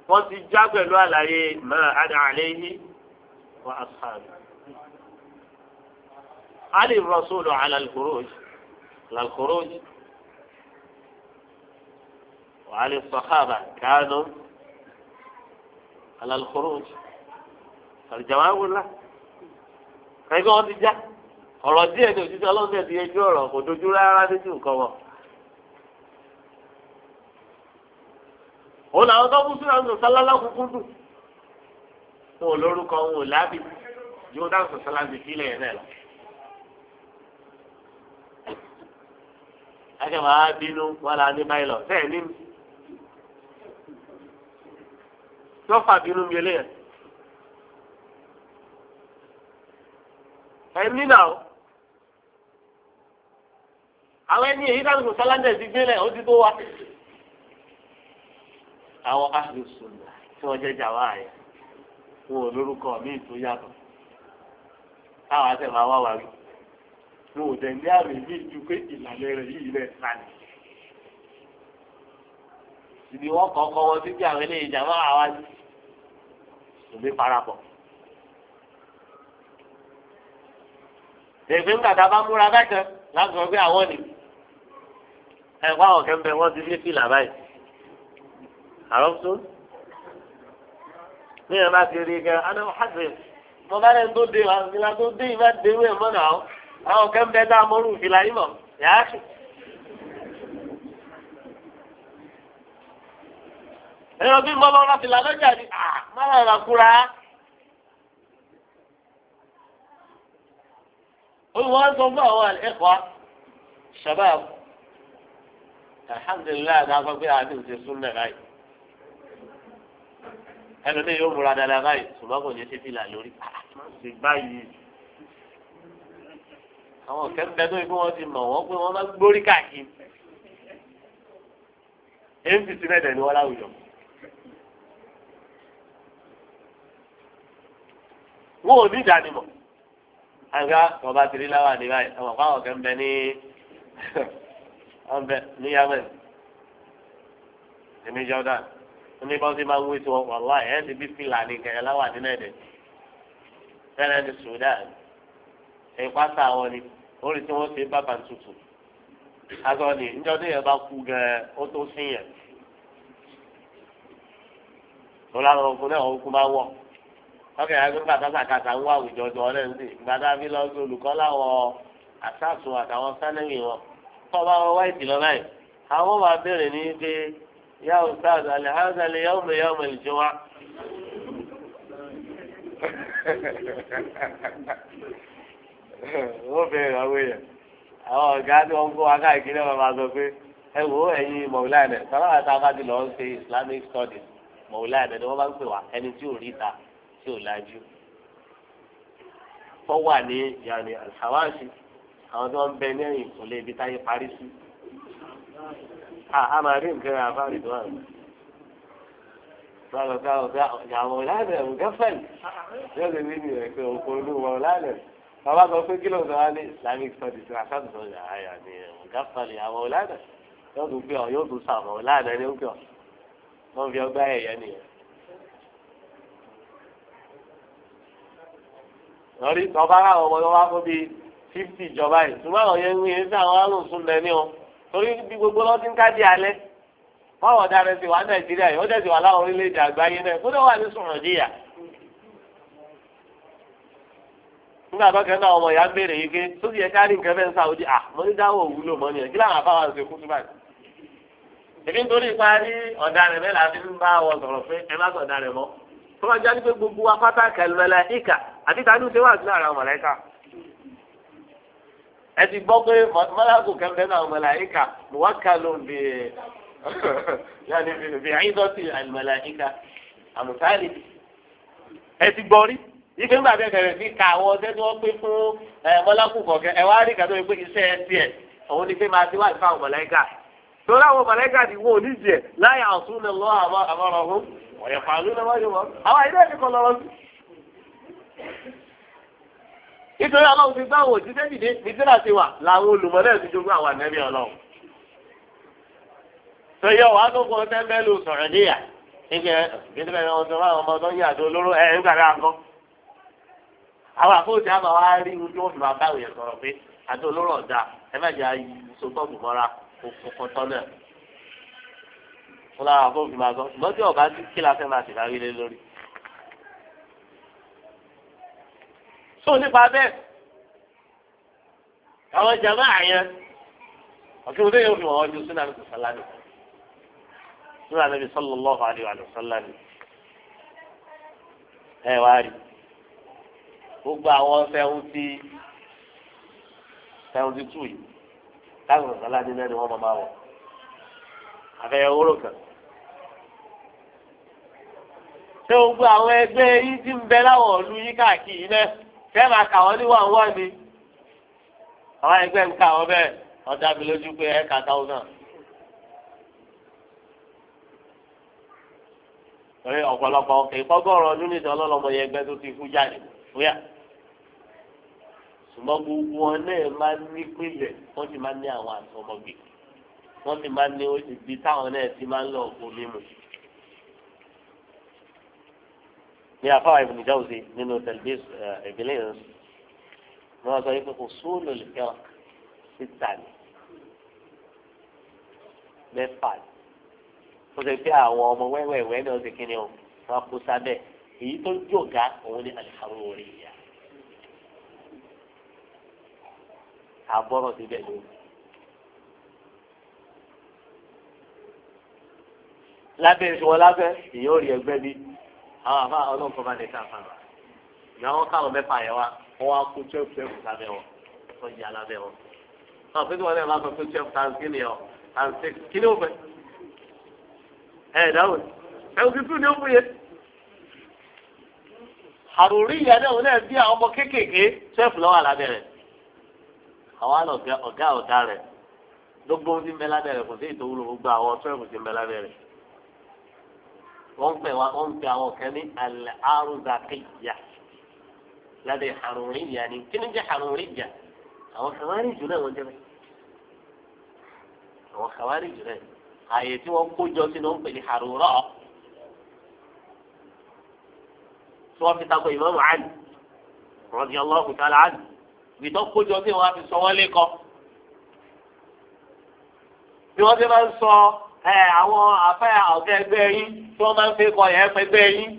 wọn ti já pẹ̀lú àlàyé mọ́ adà àléyé wà á sáré alì rọṣúlù alàlùkùrọj alàlùkùrọj wà á lè sọ̀hábà kánú alàlùkùrọj àlùjáwá wúlá ẹgbẹ́ wọn ti já. ọ̀rọ̀ díẹ̀ ní òṣìṣẹ́ ọlọ́run ẹ̀ ti yẹjú ọ̀rọ̀ kò dojú rárá lójú nǹkan wọn. òun làwọn tó sí àwọn sọ̀sálálá kúkú dùn fún olórúkọ òun ò lábì yóò dáhùn sọ̀sálá ti sílẹ̀ yẹn náà lọ. akẹ́wọ̀n á bínú wọn là ní báyìí lọ bẹ́ẹ̀ ní tọ́fà bínú mi eléyàn. ẹ nínà àwọn ẹni èyí kálukú sáláńdà ti gbélé ó ti tó wa. àwọn ahlùsùnà tí wọ́n jẹ́ jàwá yẹn wọn ò lórúkọ míì tó yàtọ̀ táwọn àti na wá wà wọn ò dẹ̀ àmì míì ju pé ìlànà yìí ibi wọn kọ kọ wọn títí àwọn eléyìí jàmọ àwa ni òbí parapọ̀. ègbè ńgbà tá a bá múra bẹ́ẹ̀ kan láti ni ẹ̀kọ́ àwọn kẹ́mbẹ́ wọ́n ti ní fìlà báyìí àròsọ ní ẹ̀ bá ti rí kẹ́ ẹ̀ ẹ̀ hàṣẹ mo bá lẹ́nu tó dé wa fìlà tó dé ìbá dé wẹ̀ mọ́ náà àwọn kẹ́mbẹ́ dá mọ́rù fìlà yìí mọ̀ yàá sùn. ẹ̀rọ bí mo lọ́ra fìlà lọ́jà ni má lọ́ra kúra. olùwọ́n sọ fún àwọn ẹ̀kọ́ sábàbù alhamdulilayi náà sọ pé àti òsè súnlẹ̀ báyìí ẹlòmíì yóò múra dáadáa báyìí ṣùgbọ́n kò ní síbi là lórí ah, ah, ṣì báyìí àwọn kẹ́kẹ́ tó yẹ kí wọ́n ti mọ̀ wọ́n pé wọ́n máa gbórí káàkiri apc mẹ́tẹ̀ ni wọ́n láwùjọ. wọ́n ò ní ìdánimọ̀ àgbà ọba tìrìláwà ní báyìí àwọn kọ́ àwọn kẹ́kẹ́ ní. ọbẹ̀ ní yamẹ́n èmi jọ́dá ní bá ti máa ń wí sí wọn wàlá ẹ́ ti bí fìlàní kẹ̀kẹ́ láwà nínú ẹ̀dẹ̀ tẹ́lẹ̀ ní Sudan ìpàtà wọn ni orí tí wọ́n ṣe bàbá tutù o ni níjọ́ tó yẹ bá kú gẹ̀ẹ́ ó tó sí yẹn láwọn ọkùnrin náà ọkùnrin máa wọ̀ ọkẹ́ yàrá gbígbà ń wá àwùjọ jọ ọ́ kọba wọn wáyé tìlọ báyìí àwọn máa bẹ̀rẹ̀ ní pé yá o sáàdù alihamudulilẹ yá o mẹ yá o mẹ lìjọ wa. wọ́n bẹ̀rẹ̀ àwọn èèyàn àwọn ọ̀gá tí wọ́n ń kó wa káàkiri wọn máa sọ pé ẹ wo ẹ̀yin mọ̀wúláàdẹ sọ́wọ́n àti abájú lọ́ọ́ ń ṣe Islamic studies mọ̀wúláàdẹ ni wọ́n bá ń pè wá ẹni tí ò ríta tí ò lajú. fọ́wà ní yàrá alhawaasi àwọn tí wọ́n bẹ ní ẹ̀yìn kò lè ibi táyé parí sí. a máa rí nǹkan àfáàrí tó wà ní. báwo ká ọ̀gá àwọn ọ̀làlẹ̀ ọ̀gá fẹ̀lì yóò lè rí nìyẹn pé òkú olúwa ọ̀làlẹ̀ bàbá sọ pé kí ló sọ wá ní islamic studies àtàkùn sọ yà á yà ní ọ̀gá fẹ̀lì àwọn ọ̀làlẹ̀ yóò tún gbé ọ yóò tún sàmọ̀ ọ̀làlẹ̀ ni ó gbé ọ wọ́n fi ọgbà ẹ̀yẹ nìyẹn. lórí ọba àwọn ọmọ wọn wá fún bíi fifty ìjọba yìí ṣùgbọ́n àwọn yẹn ń yẹn sí àwọn alùsùn lẹ́ni o torí bí gbogbo lọ́dún ń kájí alẹ́ wọ́n wọ̀ dára sí wa nàìjíríà yìí ó dẹ̀ láwọn orílẹ̀-èdè àgbáyé náà kó dẹ̀ wà ní nígbà tó ọmọ ìyá ń yìí tó yẹ nǹkan fẹ́ ń sá ojú à mo ní dáwọ́ òwúlò kí afáwọn túbà ní. èmi ẹ ti gbọ́ pé mọ́láàkù kẹ́mbẹ́ náà mọ̀láyíkà wákàlù bí <laughs> yàní bí àyíndọ́sì àlùmọ̀láyíkà àmùtáàlì ẹ ti ife ńgbà bẹ́ẹ̀ bẹ̀rẹ̀ sí ka àwọn ọ̀sẹ̀ tí wọ́n pé fún mọ́láàkù kọ̀ọ̀kẹ́ ẹ wá rí kàtó pé iṣẹ́ ẹ tiẹ̀ òun ni pé máa ti wá ìfà mọ̀láyíkà torí àwọn mọ̀láyíkà ti wọ́n oníjẹ láyà ọ̀tún ní nítorí ọlọ́run ti gbáwò òjíṣẹ́ dìde nìtìlá ti wà làwọn olùmọ̀lẹ́ ti jogún àwọn ànẹ́bí ọlọ́run. sọyọ wàá tó kọ tẹ́ńbẹ́lú sọ̀rọ̀ níyà níbi ìdílé wọn tó fáwọn ọmọ tó ń yàtọ̀ olóró ẹ̀ ń gbàdá kan. àwọn àkóòtù àbá wa rí ohun tí wọ́n fi máa báwò yẹn sọ̀rọ̀ pé àti olóró ọ̀dà ẹ má jẹ́ ayé sọ́kọ̀ọ̀bù mọ́ra kókó tọ́ náà. fúnra àbó tó nípa bẹ́ẹ̀ àwọn jàmbá àyẹn ọ̀kẹ́ òde yóò fi wọ́n ju sínú àlùkò bi sínú àlùkò sallallahu ẹ wá rí gbogbo àwọn seventy seventy two yìí káàkiri sálánì náà ni wọ́n máa wọ̀ àfẹ́yẹ̀ wúrò kan ṣé gbogbo àwọn ẹgbẹ́ yìí ti ń bẹ láwọn káàkiri náà. fẹ́ máa kà wọ́n ní wọ́n wọ́n ni àwọn ẹgbẹ́ ń kà wọ́n bẹ́ẹ̀ ọ̀dà mi lójú pé ẹ̀ kà táwọn náà. torí ọ̀pọ̀lọpọ̀ ìkọ́gọ́rọ̀ ọdún nìjọ ọlọ́lọ́mọ yẹn ẹgbẹ́ tó ti kú jáde fúyà. ṣùgbọ́n gbogbo wọn náà máa ń nípìnlẹ̀ wọ́n sì máa ń ní àwọn àtọmọ̀gbìn wọ́n sì máa ń ní ibi táwọn náà ti máa ń lọ òkú mímu. ní afáwà Ibn Jawzi nínú tẹlifís eh, ìbílẹ̀ yẹn ni wọ́n sọ yìí pé usulul fiqh síta ni mẹ́fà ni ó ṣe pé àwọn ọmọ wẹ́wẹ́wẹ́ náà ṣe kí ni o wọ́n kó sábẹ́ èyí tó jòga òun ni al-Haruriyya àbọ̀rọ̀ síbẹ̀ lónìí. lábẹ́ ìṣòwò lábẹ́ ìyóò ẹgbẹ́ bíi àwọn àfa ọlọ́run kọ́ bá lè ká àfa rà ìgbà wọn káwọn mẹ́fà yẹn wa wọ́n wá kó twelve twelve lábẹ́ wọn tó yà lábẹ́ wọn. náà fún tiwọn náà bá sọ pé twelve times kí ni ọ times six kí ni ó fẹ́. ẹ ẹ dáhùn ẹ òsì tún ni ó fún yẹ. àròrí ìyá náà wọn náà bí àwọn ọmọ kéékèèké twelve lọ́wọ́ lábẹ́ rẹ̀ àwọn àlọ́ ọ̀gá ọ̀gá rẹ̀ gbogbo ohun tí ń bẹ lábẹ́ rẹ̀ kò sí ìtòwúlò gbogbo àwọn twelve tí ń bẹ lábẹ́ rẹ̀ wọ́n pè wá wọ́n pè àwọn kan ní al-Arzaqiyyah lábẹ́ Haruriyya ni kí ni jẹ́ Haruriyya àwọn kàwárí jù náà wọ́n jẹ́ bẹ́ẹ̀ àwọn kàwárí jù náà ààyè tí wọ́n kó jọ sínú wọ́n pè ní Harura tí wọ́n fi takò Imam Ali radiyallahu ta'ala anhu gbìtọ́ kó jọ sí wọn á fi sọ wọ́n lé bí wọ́n ti máa ń sọ ẹ àwọn afẹ́ ọ̀gá ẹgbẹ́ yín tí wọ́n máa ń fi kọ yẹn pẹ́gbẹ́ yín.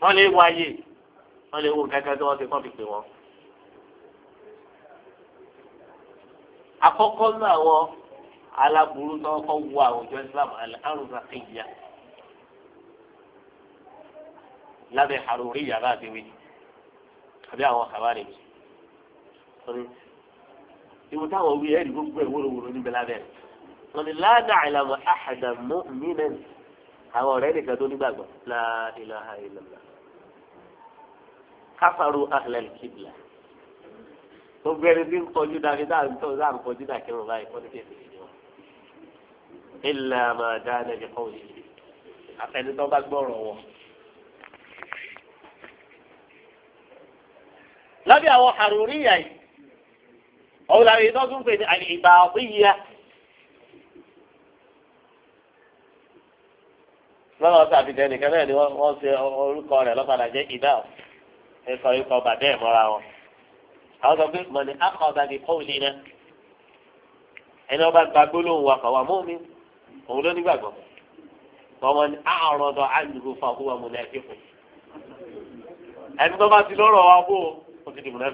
wọ́n lè wáyé wọ́n lè wo kẹ́kẹ́ tí wọ́n ti kọ́ fi pè wọ́n. àkọ́kọ́ ní àwọn aláburú tí kọ́ wo àwùjọ Islam alárùn rakiya lábẹ́ Haruri yàrá àti àbí àwọn kàwárí ìwọ táwọn wí ẹ̀rí gbogbo ẹ̀ wóróworó níbẹ̀ lábẹ́ wọn ni ládàá ìlànà àhàdà mọ́ mí náà àwọn ọ̀rẹ́ nìkan tó nígbàgbọ́ láàdìlà àìlànà káfàrú àhàlẹ́lì kìbìlà gbogbo ẹni tí ń kọjú dàbí dáa ń tọ́ dáa ń kọjú dàkí wọn báyìí kọ́ ní kéde ìdí ilà máa dá ẹnẹ́bí kọ́ òye àfẹnitọ́ bá àwọn àròrí yàyí ọ̀hún làwọn èèyàn tún pè ní àlè ìgbà ọ̀pẹ́yìá. lọ́nà ọ̀sẹ̀ àfihàn nìkan náà ni wọ́n ṣe orúkọ rẹ̀ lọ́padà jẹ́ ìdá ẹ̀kọ́ ikọ̀ bàbá ẹ̀ mọ́ra wọn. àwọn sọ pé mọ̀nì akọ̀ bàbí kọ́ òní náà ẹni ọba gba gbólóhùn wa fàwọn àmọ́ mi òun ló nígbàgbọ́ tọmọ ní àròdọ̀ àdìgbò fàwọn àmọ́ náà ẹ̀kẹ́kọ̀ọ́ ẹni tó bá ti lọ́rọ̀ wa bó o ti dìbò náà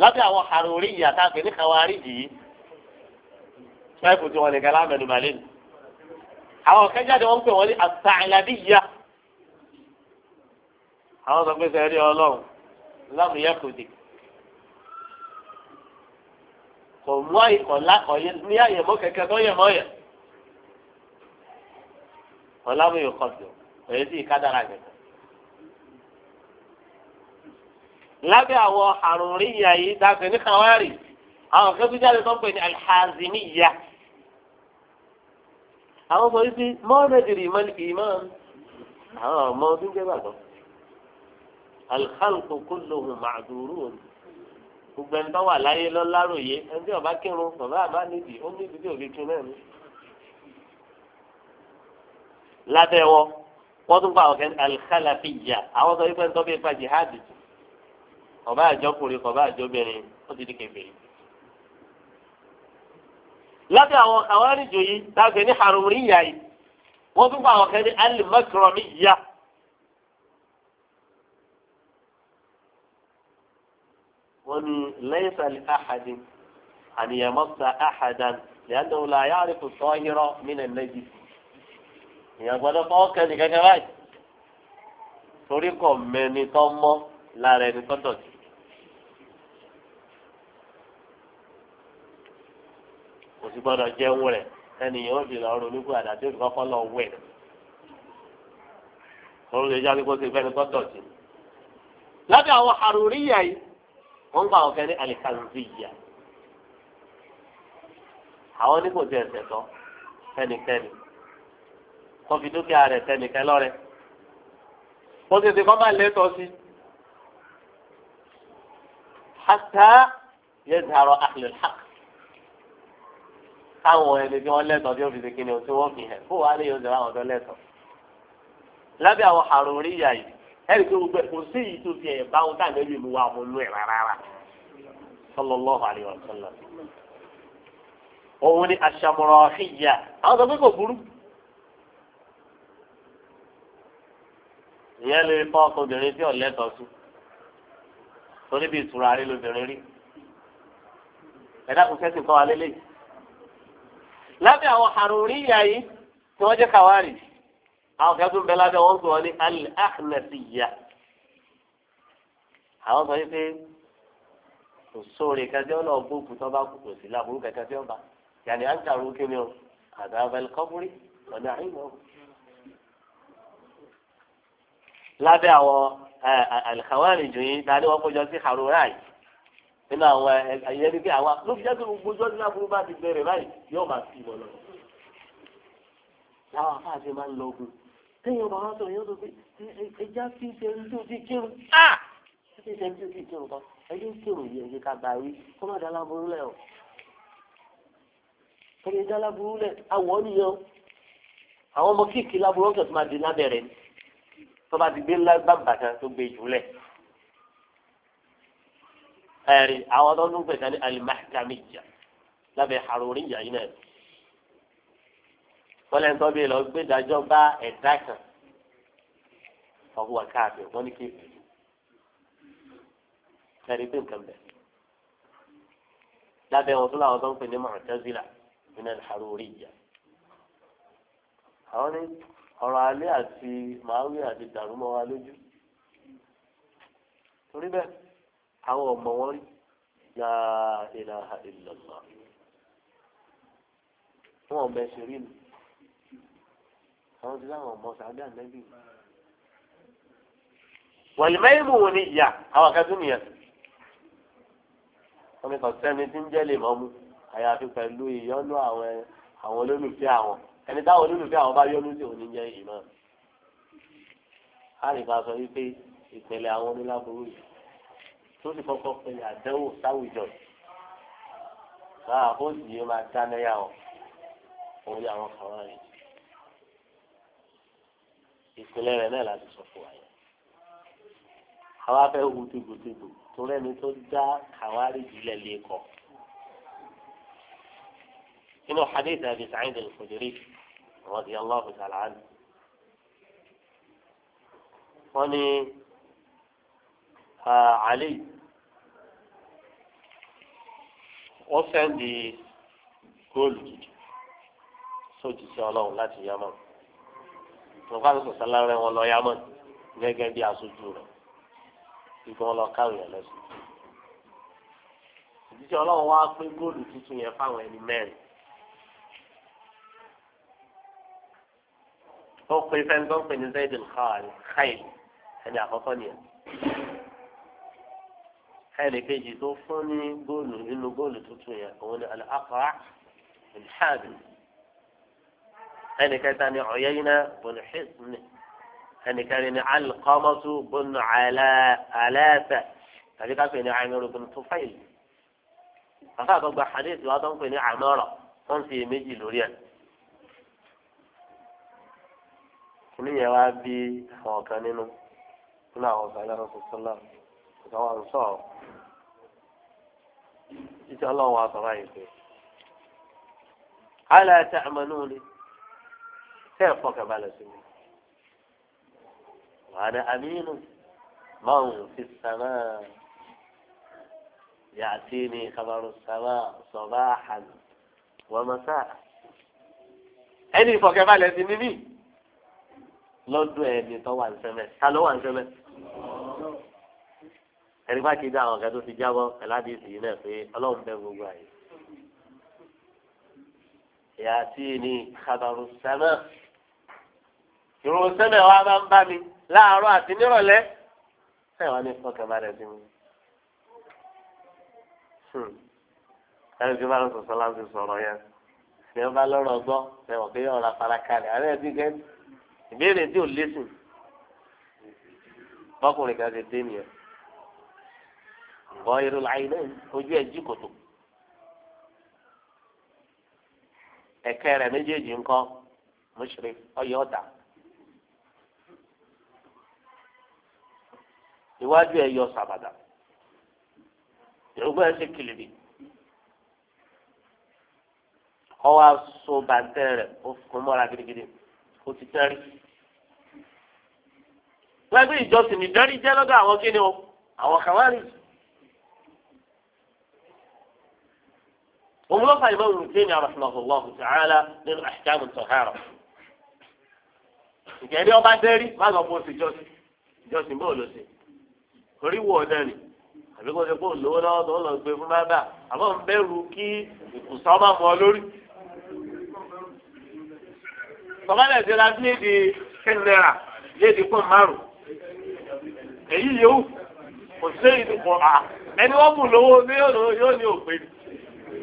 lábẹ́ àwọn àròrí ìyá tá a pè ní kàwárí yìí ṣáìfù tí wọ́n lè kẹ́lá mẹ́nu màlẹ́ ni. àwọn kẹ́jáde wọ́n ń pè wọ́n ní àtàlàdí ìyá. àwọn sọ pé sẹ́rí ọlọ́run lámùyẹ́ kò dé. kò mú àyíkọ̀lá ọ̀yẹ́ ní àyẹ̀mọ́ kẹ̀kẹ́ tó yẹ̀mọ́ yẹ̀. ọ̀làmùyẹ́ kọ̀ọ̀tù ọ̀yẹ́ sì kádàrà kẹ̀kẹ́. lábẹ́ àwọn àrùnríyà yìí dáfẹ́ ní kawari àwọn kan tó jáde tó ń pè ní alhazimiya àwọn ọmọ yìí ti mọ́ọ̀dẹ́dìrì mọ́lìkì imam àwọn ọmọ ọdún jẹ́ bàbá alhalku kulluhum ma'durun gbogbo ẹni tó wà láyé lọ́láròyé ẹni tí ọba kírun bàbá àbá nídìí ó ní ìdílé òbí tún náà ní. lábẹ́ wọn wọ́n tún pa àwọn alkhalafiya àwọn sọ wípé ń tọ́ bí ipa jihadi tù ọba àjọkùnrin kọba àjọbìnrin ó ti di kèfèrí. lábẹ́ àwọn àwọn àrìnjò yìí láti ní harumri yá yìí wọ́n tún fún àwọn kan ní alimakromi yá. wọ́n ní laysa li ahadin an yamassa ahadan li'annahu la ya'rifu at-tahira min an-najis. ìyẹn gbọ́dọ̀ kẹ́ni kankan báyìí torí kọ̀ mẹ́ni tó mọ́ lára ẹni tó dọ̀tí. sì gbọ́dọ̀ jẹun rẹ̀ ẹnìyàn ó fi lọ ronú kú àdá tí ó lọ wẹ̀ òun lè jáde kó ṣe fẹ́ni kọ́ dọ̀tí. lábẹ́ àwọn àròríyà yìí wọ́n ń gba àwọn fẹ́ni àlìkànzíyà àwọn ní kò ti tọ́ fẹ́nikẹ́ni kó fi dúkìá rẹ̀ fẹ́nikẹ́ lọ́rẹ́ kó tètè kọ́ máa lẹ́tọ̀ọ́ sí. hatta yẹ́n dàrọ̀ àlùhàk káwọn ẹni tí wọ́n lẹ́tọ̀ọ́ tí ó fi ṣe kíni tí wọ́n fi hẹ̀ fún wa ní oúnjẹ àwọn ọ̀dọ́ lẹ́tọ̀ọ́. lábẹ́ àwọn àrùn orí ìyá yìí ẹ̀rí tó gbẹ kò sí èyí tó fi ẹ̀ bá wọn táwọn ẹbí mi wá ọmọ inú ẹ̀ rárá sallallahu alaihi wasallam. òun ni aṣàmùrọ̀ ìyá àwọn sọ pé kò burú. ìyẹn lè fọ́ ọkùnrin tí ò lẹ́tọ̀ọ́ sí torí bí ìtura rí lóbìnrin rí ẹ̀dá kò fẹ́ kọ́ wa lélẹ́yìí lábẹ́ àwọn Haruriyya yìí tí wọ́n jẹ́ kàwárì àwọn kan tún bẹ lábẹ́ wọn sọ ní al-Ahnafiyya àwọn sọ wípé kò sóore kẹjọ náà gbóògùn tó bá kú kò sí láburú kẹkẹ tí ó bá yàní à ń kàrú kí ni o àdàbẹ̀lì kọ́búrí ọ̀nà àìmọ̀ lábẹ́ àwọn al-Khawarij yìí ta ni wọ́n kó jọ sí Haruriyya yìí nínú àwọn ẹyẹ ní bí àwa ló fi jáde gbogbo ọjọ́ nínú aburú bá ti bẹ̀rẹ̀ báyìí yóò máa fi ìmọ̀ lọ. láwọn afáà ṣe máa ń lọ ogun téèyàn bá wọn sọ̀rọ̀ yóò sọ pé ẹja kí ṣe ń tó ti kírun á kí ṣe ń tó ti kírun kan ẹjẹ ń kírun yìí ẹjẹ ká gbàrí kó má dáná burú lẹ o kó lè dáná burú lẹ àwọ̀ nìyẹn àwọn ọmọ kíkì láburú ọ̀sẹ̀ tó máa di lábẹ́rẹ́ tó bá ti gbé lágbàgbà kan tó gbé jù lẹ̀ ẹ̀rí àwọn tó ń pè kan ní alimahkamiya lábẹ́ haroriya yìí náà wọ́n lẹ́nu tó bí lọ gbé dájọ́ bá ẹ̀dá kan ọ̀hún àkáàbẹ̀ wọ́n ní kéèké ẹ̀rí pé nǹkan bẹ̀ lábẹ́ wọn tó láwọn tó ń pè ní mu'tazila nínú haroriya àwọn ní ọ̀rọ̀ alẹ́ àti màáwí àti dàrúmọ́ wa lójú torí bẹ́ẹ̀ àwọn ọmọ wọn rí la ilaha illallah wọn ọmọ ẹsẹ rí mi àwọn ti láwọn ọmọ sàádà nẹbí wàlìmẹ́yìmù wò ni ìyá àwọn akẹ́tù nìyẹn wọn ni kò sẹ́ni tí ń jẹ́ lè mọ́ mu àyàfi pẹ̀lú ìyọ́nú àwọn àwọn olólùfẹ́ àwọn ẹni táwọn olólùfẹ́ àwọn bá yọ́nú sí òní jẹ́ ìmọ̀ àríkà sọ wípé ìpìlẹ̀ àwọn oníláboyún yìí tó sì kọ́kọ́ pé àdánwò sáwùjọ yìí báwa yóò máa dáná yà ọ́ orí àwọn kan wá rìn ìpínlẹ̀ rẹ̀ náà láti sọ fún wa yẹn àwa fẹ́ hu tìgbòtìgbò tó rẹ́ni tó dá àwárí ìjìnlẹ̀ lè kọ́ inú hadith Abi Sa'id al-Khudri radiyallahu ta'ala anhu wọ́n ní àlè wọ́n sẹ́ndì góòlù jìjì sóòjì sí ọlọ́run láti yamọ́n nǹkan àti sọ̀sálà rẹ̀ wọ́n lọ yamọ́n gẹ́gẹ́ bí aṣojú rẹ̀ ìgbọ́n wọn lọ káwé ẹ̀ lẹ́sìn. ìdíje ọlọ́run wá pín góòlù tuntun yẹn fáwọn ẹni mẹ́rin. ó pín fẹ́ńtọ́ pín ní zayd al-khayl ẹni àkọ́kọ́ nìyẹn ẹnìkejì tó fún ní góòlù nínú góòlù tuntun yẹn òun ni al-Aqra al-Habi ẹnìkẹta ni Uyayna bin Hisn ẹnìkẹrin ni Alqamatu bin Alafa tàbí ká pè ní Amiru bin Tufayl kàkà àgbàgbà hadith wa tó ń pè ní Amara wọ́n ń fi méjì lórí ẹ̀. oníyẹn wá bí àwọn kan nínú nínú àwọn ọ̀gá ẹlẹ́rọ tó sọ́lá ọ̀gá wa sọ̀rọ̀ títí ọlọ́run wa sọ̀rọ̀ àyè pé àlẹ́ àti àmọ́nú ni tẹ́ ẹ̀ fọkàn balẹ̀ sí mi wàá ní amínú máa ń fi sàmà yàtí ni kàbàrù sàmà sọ̀bà àhàn wọ́n mọ̀ sáà ẹni ìfọkàn balẹ̀ sí mi mí lọ́dún ẹni tó wà ń sẹ́mẹ̀ ta ló wà ń sẹ́mẹ̀ ẹni bá ti dá àwọn ọ̀gá tó ti jábọ́ ẹ̀ládìí sì náà pé ọlọ́run bẹ gbogbo àyè. ìyá tí ni kàbàrù sẹ́nà ìròyìn sẹ́nà wa máa ń bá mi láàárọ̀ àti nírọ̀lẹ́ ẹ̀ wá ní fọkàn bá rẹ̀ sí mi. Hmm. ẹni tí bára sọ̀sọ́ láti sọ̀rọ̀ yẹn ni wọ́n bá lọ́rọ̀ gbọ́ ẹ wọ̀ pé ọ̀rọ̀ afárá kalẹ̀ àárẹ̀ ti gẹ́ ìbéèrè tí ò lẹ́sùn bọ́kùnrin kan ti dé nìyẹn kọ́ irú láìlẹ́ ojú ẹ̀ jí kòtò ẹ̀kẹ́ rẹ̀ méjèèjì ńkọ́ mùsùlùmí ọyọ ọ̀dà iwájú ẹ̀ yọ sàbàdà yorùbá ẹ̀ ṣe kìlìbì ọwọ́ aṣọ bàtẹ́ rẹ̀ ó fún mọ́ra gidigidi ó ti tẹ́rí wọ́n gbé ìjọsìn ìdárí jẹ́ lọ́dọ̀ àwọn kíni o àwọn kàwárí. òun ló fa ìmọ̀ Ibn Taymiyyah rahimahullahu ta'ala nínú ahkamu tahara ìjẹ́ni ọba dẹ́rí má lọ bó ti jọ́sìn jọ́sìn bó ló ṣe orí wọ̀ dẹ́rìn àbí kò ṣe kó lówó lọ́wọ́ tó lọ gbé fún bàbá àbọ̀ ń bẹ̀rù kí ìkùsọ́ má mọ́ lórí. sọ̀kọ́lẹ̀ ti ra bíléèdì kẹ́ńdẹ́rà bíléèdì pọ̀ márùn èyí yòówù kò sí èyí tó kọ̀ à ẹni wọ́n mú lówó ní yóò ní òpè ni.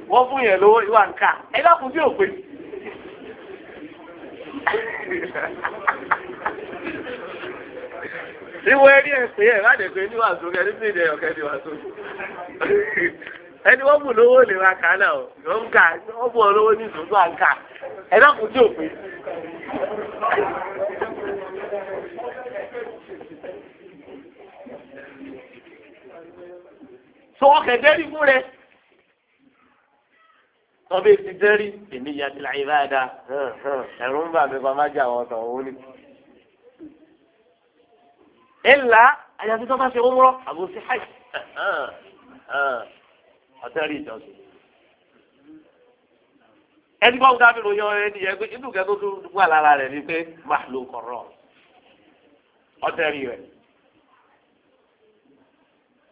wọ́n fún yẹn lówó ìwà nǹka ẹ dákun tí ò pé. Ìwọ ẹni ẹ̀sìn ẹ̀ láti pé sókè ẹni tí ìdẹ̀ ọ̀kẹ́ níwà sókè. Ẹni wọ́n lówó lè ń wọ́n ọ ní ìsòkò à ń ò pé. Sọ ọkẹ̀ fún rẹ̀. wọ́n bí ti dẹ́rí èmi ya ti láyé báyìí dá ẹ̀rù ń bà mí kọ́ má jà wọ́n tọ̀ wọ́n ni. ìlà àyàfi tó bá ṣe ó wúrọ́ àbòsí hajj ọ̀tẹ́rì ìjọsìn. ẹni bá ń dábì lóyún ọ̀rẹ́ nìyẹn pé inú kẹ́tọ́ tó wà lára rẹ̀ ni pé máa lo kọ̀rọ̀ ọ̀tẹ́rì rẹ̀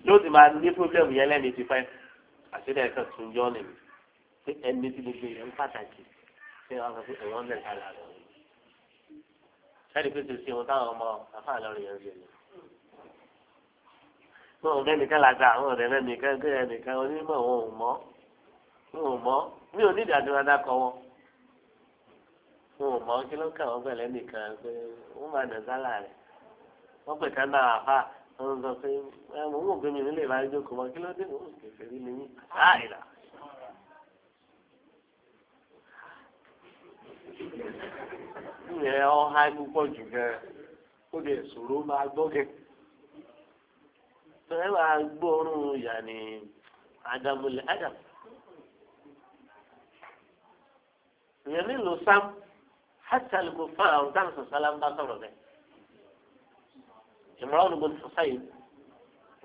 yóò ti máa ní pírọ́blẹ́mù yẹn lẹ́ni ti fẹ́ àti ẹ̀ka tún jọ́ nìyí pé ẹni tí gbogbo èèyàn pàtàkì ṣé wọn sọ pé ẹ̀wọ̀n mẹ́ta là lọ. sẹ́ni pé tòsí ohun táwọn ọmọ afá lọ́rọ̀ yẹn ń ṣe ni. wọn ò mẹ́nìkan là gba àwọn ọ̀rẹ́ mẹ́nìkan gbé ẹnìkan onímọ̀ wọn ò mọ́ wọn ò mọ́ mi ò ní ìdádúrádá kọ wọn. wọn ò mọ́ kí ló ń kà wọ́n pẹ̀lẹ́ nìkan pé wọ́n máa dàn sálà rẹ̀ wọ́n pè ká náà àfà wọ́n sọ pé mo ń wò pé mi nílé ìbáraẹjọ́ kò mọ́ kí ló dé mo ń kẹfẹ́ rí mi ní yẹn ọ̀há púpọ̀ jù gan ó lè ṣòro máa gbọ́ kẹ́. Tọ́lá máa gbóòórùn yàní Adamule Adam. Ìyẹn nílò Sam hátà lè kó fún àwọn táwọn sọ̀sálà ń bá sọ̀rọ̀ bẹ́ẹ̀. Imran ibn Husayn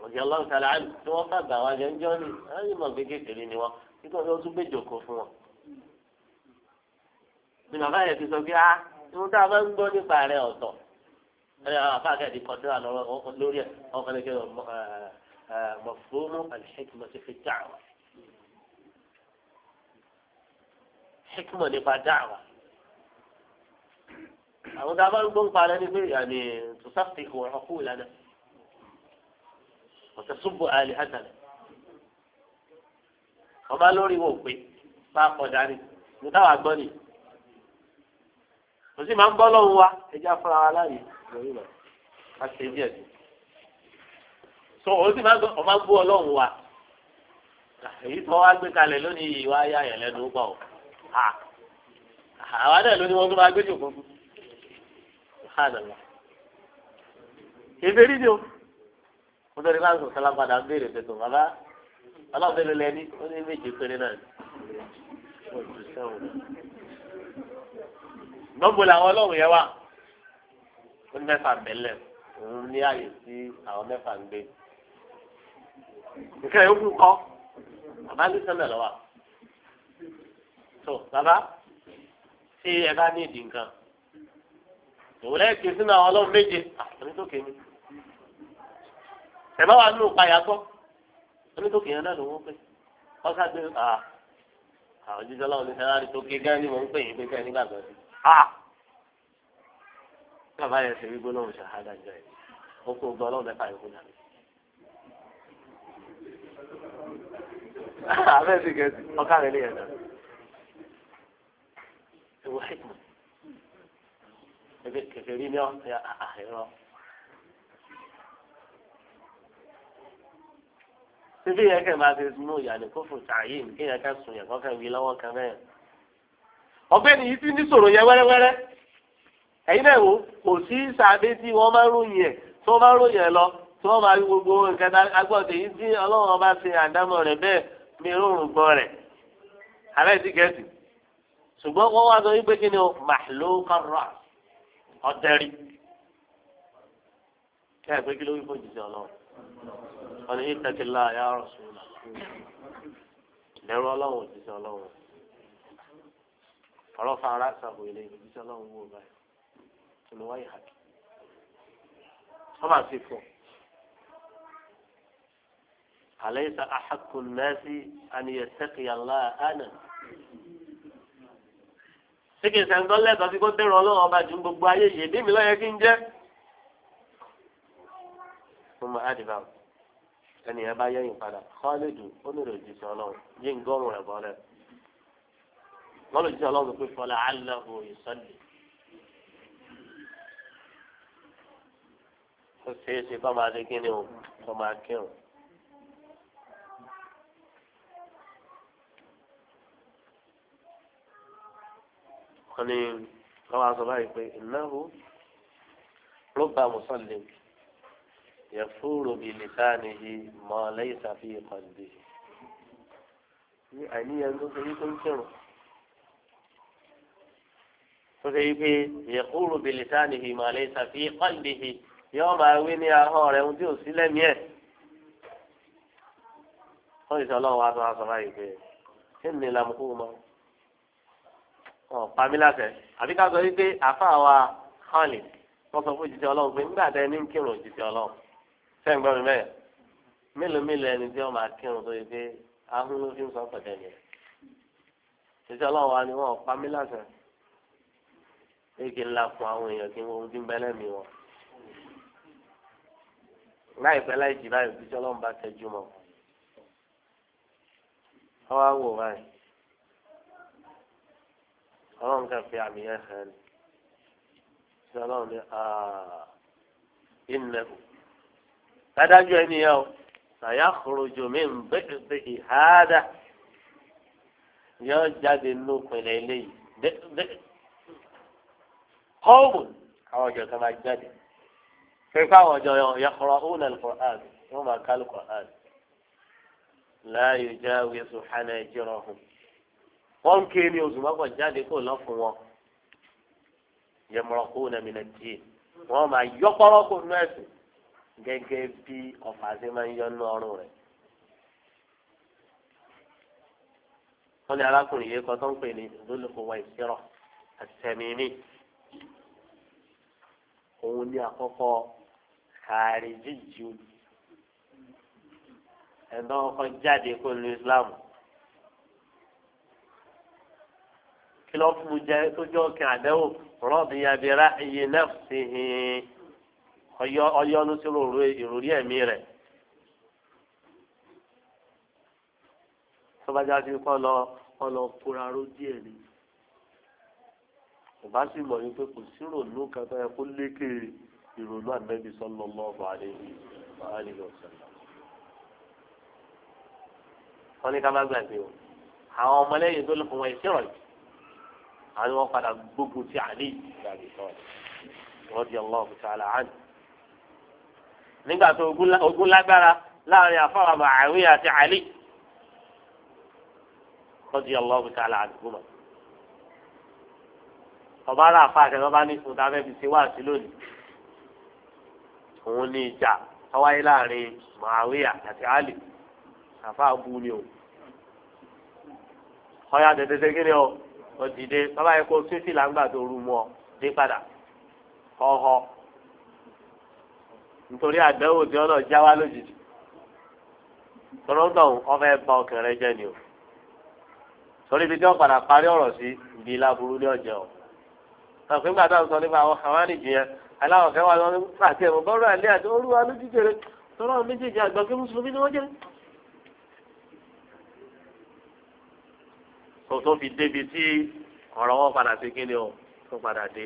òjì ọlọ́run tààlà àlù tí wọ́n bá bà wá jẹ́njọ́ ni wọ́n yìí mọ̀ pé kékeré ni wọ́n nígbà tí wọ́n tún gbé jòkó fún wọn. Ní bàbá yẹn ti sọ pé á ah, ìwọ tá a máa ń gbọ́ nípa rẹ̀ ọ̀tọ̀ afáàkẹ́ di kọ̀dúrà lórí ẹ̀ ọkàn lẹ́kẹ́ mọ̀fóòmù alhikmọ̀ ti fi dáàwà hikmọ̀ nípa dáàwà àwọn tá a máa ń gbọ́ nípa rẹ̀ ni pé yàní tùsàfì kò wọ́n ìlànà ọ̀sẹ̀ súnbù àlè ọba lórí wò pé bá a kọ̀ dání ní táwa gbọ́ nìyí kò sí máa ń bọ́ lọ́hùn wa ẹja fúnra wa láàyè lórí rẹ̀ a ṣe díẹ̀ sí. so òun sì máa ń bú ọlọ́hùn wa èyí tó wá gbé kalẹ̀ lónìí ìwà ayé àyàn lẹ́nu pọ̀ o àwa náà lónìí wọ́n tó máa gbé jòkó fún un. èbèrè ni o mo tẹ́lẹ̀ bá ń sọ sọ́lá padà ń béèrè tètè bàbá ọlọ́ọ̀bẹ lẹ́ni ó ní méje péré náà gbọ́ngbò làwọn ọlọ́run yẹn wà ó ní mẹ́fà bẹ́lẹ̀ òun ní àyè sí àwọn mẹ́fà ń gbé nǹkan yòókù kọ́ bàbá ní sẹ́lẹ̀ lọ́wọ́ tó bàbá tí ẹ bá ní ìdí nǹkan òun lẹ́ẹ̀kì sínú àwọn ọlọ́run méje àtúntòkè ah, mi ẹ bá wà nínú ìpayà kọ́ onítòkè yẹn náà ló wọ́n pè ọ́ sáà gbé àwọn jíjọ́ láwọn oníṣẹ́ láti tó ké gán ni mò ń pè yín pé kẹ́ ẹ nígbàgbọ́ sí bàbá yẹn ṣe wígbó lọ́hùn ṣàhádà jọ ẹ̀ ó kó gbọ́ ọlọ́run mẹ́fà yòókù náà. <laughs> abẹ́ sì kẹ́sì ọkà rẹ̀ léyìn náà. ewu hekima kẹfẹ rí ní ọ̀sẹ̀ àhẹ́rọ. síbí yẹn kẹ́ máa fi mú ìyàlẹ́ kófò tààyè kéèyàn ká sùn yẹn kọ́kẹ́ wí lọ́wọ́ kan mẹ́rin. ọgbẹni yìí ti ní sòrò ya wẹ́rẹ́wẹ́rẹ́ ẹ̀yin náà wò kò sí sàdé tí wọ́n máa ròyìn tí wọ́n máa ròyìn lọ tí gbogbo nǹkan agbọ́dọ̀ yìí tí ọlọ́run ọba ṣe àdámọ̀ rẹ̀ bẹ́ẹ̀ mi rọrùn gbọ́ alẹ́ ti gẹ̀ẹ́sì ṣùgbọ́n wọ́n wá sọ ni o màlúù kí ẹ pé kí ló wí ọ̀rọ̀ fa ara sàbò ilé ìlú bísí ọlọ́run wò báyìí olùwà ìhàkì wọ́n máa fi fún un. أليس أحق الناس أن يتقي الله sígi sẹ́ńtọ́ lẹ́tọ̀ọ́ sí kó dẹ̀rọ ọlọ́run ọba ju gbogbo ayé yìí bí mi lọ́yẹ kí n jẹ́. mo máa dìbà ẹnìyẹn bá yẹ̀yìn padà kọ́lẹ́dù ó nílò ìjìṣẹ́ ọlọ́run yí ń gọ́rùn-ún rẹ̀ bọ́lẹ̀ wọ́n lè jẹ́ ọlọ́run pé fọlá aláwo ìsọ̀lẹ̀. ó ṣeé ṣe kọ́ máa dé kíni o kọ́ máa kírun. wọ́n ní wọ́n wá sọ báyìí pé ìnáwó ló bá mùsọ̀lẹ̀ yẹfúrò bíi lìsáàníyì mọ́ lẹ́yìn sàfihàn kan ní àìníyàn tó ṣe yí tó ń kírun tó ṣe yí pé yẹ̀kúrú bìlìtánì ìmọ̀lẹ́ ìsàfi kọ́ńdìhì yọ́ọ́ máa wí ní ahọ́n rẹ̀ ohun tí ò sí lẹ́mí ẹ̀. wọ́n ti sọ ọlọ́run wa tó wá sọ báyìí pé ṣé ní lamukú mọ́ ọ̀ pamílàṣẹ àbí ká sọ yí pé àfáà wa hànlì wọ́n sọ fún òjijì ọlọ́run pé nígbà tẹ́ ní ń kírun òjijì ọlọ́run fẹ́ gbọ́ mi mẹ́rin mélòó mélòó ẹni tí wọ́n máa kírun tó yẹ pé ahun ló fi ń sọ pẹ̀tẹ́ pé kí n la fún àwọn èèyàn kí n wo ohun tí ń bẹ lẹ́mìí wọn. láìpẹ́ láì jìnnà ìbísí ọlọ́run bá tẹ́jú mọ́ ọ wá wò báyìí ọlọ́run kan fi àmì yẹn hàn ní sí ọlọ́run ní ìnẹ̀kù dájú ẹni yẹn o sàyà kúròjò mi ń bẹ́ẹ̀ bẹ́ẹ̀ ìhádà yọ jáde nínú ìpínlẹ̀ eléyìí bẹ́ẹ̀ bẹ́ẹ̀ kọ́ọ̀mù àwọn ọjọ́ kan máa jáde fífa àwọn ọjọ́ yọkọrọ ọ̀hún alukur'an wọ́n máa ká alukur'an láàyè já wíṣọ hànà ìjírọ̀ hùn wọ́n ń kiri oṣù mọ́kàn jáde kó lọ́ fún wọn yẹmọ̀rọ̀ kó nàmínà tì wọ́n máa yọkọ́rọ́ kó nú ẹ̀sìn gẹ́gẹ́ bí ọ̀fà ṣe máa ń yọ nú ọrùn rẹ̀. wọ́n ní arákùnrin yìí kọ́ tó ń pè ní ìdólókòwò ìṣirọ̀ àti tẹ̀mí mi òun ní àkọ́kọ́ kàríjì ju ẹ̀dọ́ ọkọ̀ jáde kó lu Islam kí ló fún un jẹ tó jọ kí àdéhùn rọ́ọ̀bì abirá iye náà sí ọyọ́nu sí ìròrí ẹ̀mí rẹ̀. tọ́bajá ti kọ́ lọ kọ́ lọ kóra ró díẹ̀ ni kò bá sì mọ̀ wípé kò sí ìrònú kan tó yẹ kó lékè ìrònú ànábì sallallahu alaihi wa alihi wasallam. wọ́n ní ká má gbàgbé o àwọn ọmọlẹ́yìn tó lọ́kùnrin wọn ìṣirọ̀ yìí àwọn wọn padà gbógun ti àlè ìgbàgbé sọ radiyallahu ta'ala anhu. nígbà tó ogun lágbára láàrin àfọwọ́ àbàáwí àti àlè radiyallahu ta'ala anhu ọba ara àfa àtẹ ọba ní sùn dábẹ́ fi ṣe wá sí lónìí òun ni, ìjà tọ́wáyé láàrin màáwíà àti Ali àfa àbú ni o ọyà tètè ṣe kí ni o o dìde bàbá yẹ kó fífi làǹgbà tó rú mu ọ dé padà ọhọ nítorí àdánwò tí ọlọ́ọ̀ já wá lójijì tọ́lọ́tọ̀ ọfẹ́ ba ọkàn rẹ jẹ́ ni o torí ibi tí wọ́n padà parí ọ̀rọ̀ sí ibi láburú ní ọ̀jẹ̀ o àfihàn gbàdá sọ nípa àwọn hawari jìyàn aláwọ̀ kẹwàá lọ nípa àti ẹ̀wọ̀n bọ́ọ̀rọ̀ àlẹ́ àti olúwa lójú jẹrẹ tọ́lá àwọn méjèèjì àgbà pé mùsùlùmí ni wọ́n jẹ́. tó tó fi débi tí ọ̀rọ̀ wọn padà sí kíni o tó padà dé.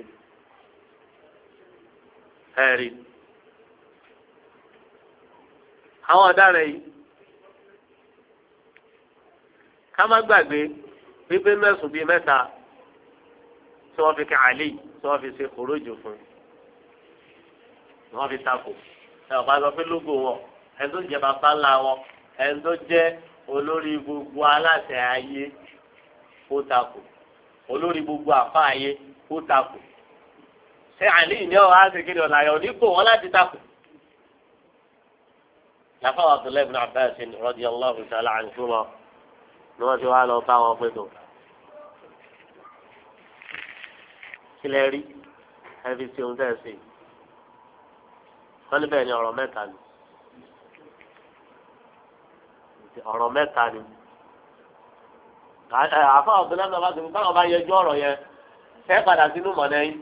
ẹ̀rí àwọn ọ̀daràn yìí ká má gbàgbé wípé mẹ́sùn bíi mẹ́ta tí wọ́n fi ka àlè tí wọ́n fi ṣe kòrójò fún ni wọ́n fi takò ẹ ọ̀pá sọ pé lógo wọn ẹni tó jẹ bàbá ńlá wọn ẹni tó jẹ olórí gbogbo aláṣẹ ayé ó takò olórí gbogbo àfa ayé ó takò ṣé àlè ní ọ̀rọ̀ àṣekèrè ọ̀nà àyọ̀ nípò wọn láti takò. لقد عبد الله بن عباس رضي الله تعالى عنهما نوجه على طاوة بدو kílẹ̀ rí ẹbí tí òun tẹ̀ sí wọ́n níbẹ̀ ni ọ̀rọ̀ mẹ́ta ni ọ̀rọ̀ mẹ́ta ni àfa ọ̀gbìn náà bá ti mú káwọn bá yẹjú ọ̀rọ̀ yẹn fẹ́ padà sínú mọ̀nà yín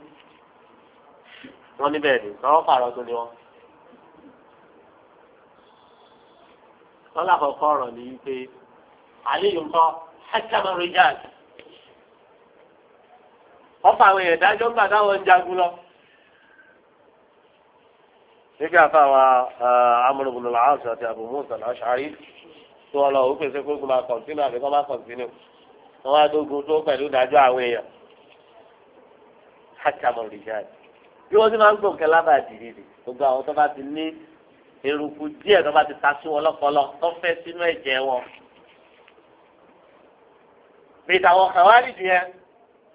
wọ́n níbẹ̀ ni sọ̀rọ̀ pààrọ̀ tó ni wọ́n. wọ́n lákọ̀ọ́kọ́ ọ̀rọ̀ ni wípé àlejò ń kọ́ hẹ́kẹ́mẹ́rin jáde ọfà àwọn èèyàn dájọ́ gbà táwọn ń jagun lọ. nígbà fáwa uh, Amr ibn al-As àti Abu Musa al-Ash'ari tó ọ lọ ó pèsè pé kó máa kọ̀ǹtínú àbí kó máa kọ̀ǹtínú wọn wá dógun tó pẹ̀lú dájọ́ àwọn èèyàn hàtàmọ̀ rìjáde bí wọ́n ti máa ń gbọ̀n kẹ́ lábàá dìde dì gbogbo àwọn tó bá ti ní eruku díẹ̀ tó bá ti ta sí wọn lọ́pọlọ tó fẹ́ sínú ẹ̀jẹ̀ wọn. bí ìtàwọn kàwárí jù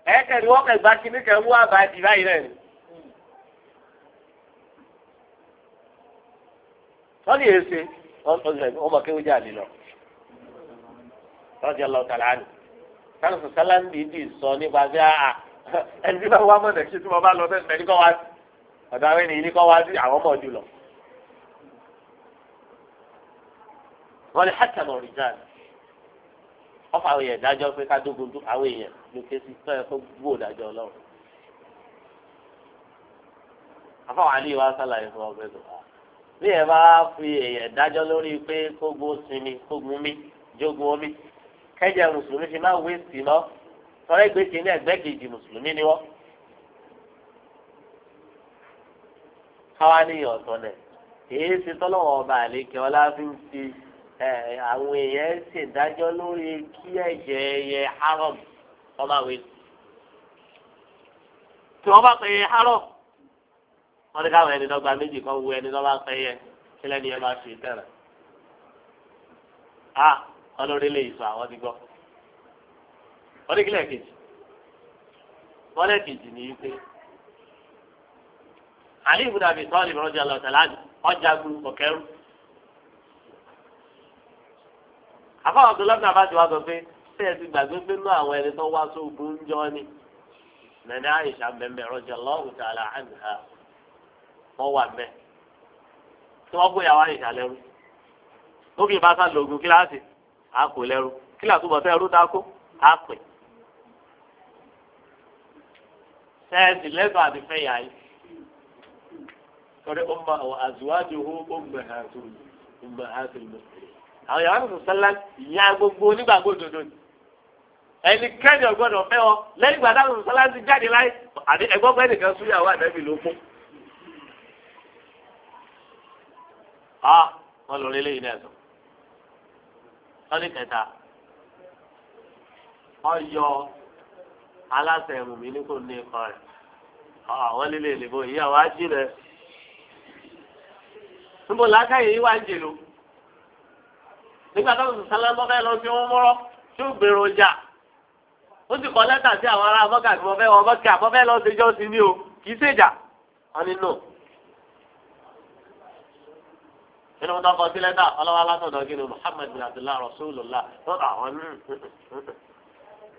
ẹ̀ẹ́kẹ̀rì wọ́n kẹ̀ gba kíní kẹ̀ wú àbàdì báyìí náà ni. wọ́n lè ṣe ọmọ kéwọ́n jà lè lọ. rọ́jà lọ tàlá ni sáré sọ́sálà ń di ìdí sọ nípa bí a ẹni bí wọ́n wá mọ̀ nẹ̀kí tí wọ́n bá lọ bẹ́ẹ̀ ní kọ́ wá sí ọ̀dọ̀ àwọn ènìyàn ní kọ́ wá sí àwọn ọmọ ọdún lọ. wọ́n lè hàtàmọ̀ rìjáàlì ọfọ àwọn èèyàn dájọ́ pé ká dógun tó àwọn èèyàn ló ké sí tọ́ ẹ kó gbó dájọ́ ọlọ́run afọwọ́ alẹ́ wa sálàyé fún ọgbẹ́ tó wà bí ẹ bá fi èèyàn dájọ́ lórí pé kógbó sinmi kógun mi jogun omi kẹjẹ mùsùlùmí fi máa wé sí lọ tọ́lẹ́ gbèsè ní ẹgbẹ́ kejì mùsùlùmí ni wọ́n. káwa ní ọ̀tọ̀ nẹ̀ èyí ti tọ́lọ́wọ́ ọba àlékè ọlá fi ń fi. àwọn èèyàn ṣèdájọ́ lórí kí ẹ̀jẹ̀ ẹyẹ haram ọba wí. tí wọ́n bá pè é haram wọ́n ní káwọn ẹni dọ́gba méjì kan wo ẹni dọ́gba pé yẹ kí lẹ́ni yẹn máa ṣe tẹ̀rẹ̀. a ọlọ́rin lè sọ àwọn ti gbọ́. wọ́n ní kílẹ̀ kejì wọ́n lẹ́ kejì ní wípé Ali ibn Abi Talib radiyallahu ọjà gbúrú kọ̀kẹ́rù. àfọwọ́ tó lọ́dún àbájọ wa sọ pé ṣé ẹ ti gbàgbé pé nú àwọn ẹni tó wá sóògùn ń jọ ni nana Aisha mẹ́mẹ́ rọjà lọ́hùn tààlà àǹhà wọ́n wà mẹ́ tí wọ́n gbé yàwá Aisha lẹ́rú lókè bá sá lògùn kíláàsì á kò lẹ́rú kíláàsì bọ̀ fẹ́ rú dákó á pè sẹ́ẹ̀sì lẹ́sọ̀ àti fẹ́ yà yìí torí ọmọ àwọn àzùwájú ó ń bẹ̀ hàn tó ń tó ń àwọn yàrá tuntun sẹ́lá ìyá gbogbo onígbàgbọ́ òdodo ni ẹnikẹ́ni ọgbọ́dọ̀ fẹ́ ọ lẹ́yìn ìgbà táwọn tuntun sẹ́lá ti jáde láyé àbí ẹgbọ́gbọ́ ẹnìkan súyà wà nẹ́bí ló fún. a wọn lọ rí eléyìí náà sọ wọn ní kẹta ọyọ aláṣẹ ẹ̀mù mi ní kò ní ipa rẹ̀ àwọn lílé ìlébó ìyá wa jí níbo làákàyè yìí wá ń jèlò nígbà tó sùn sálẹ́ lọ́fẹ́ lọ sí wọn mọ́rọ́ tí ó gbèrò jà ó sì kọ́ lẹ́tà sí àwọn ará mọ́kà tí mo fẹ́ wọn mọ́kà mo fẹ́ lọ sí jọ́sìn ní o kì í ṣèjà wọn ni nù. nínú wọn tó kọ sí lẹ́tà ọlọ́wọ́ alásọ̀dọ̀ kí ni Muhammad bin Abdullahi Rasulullah tó àwọn nù.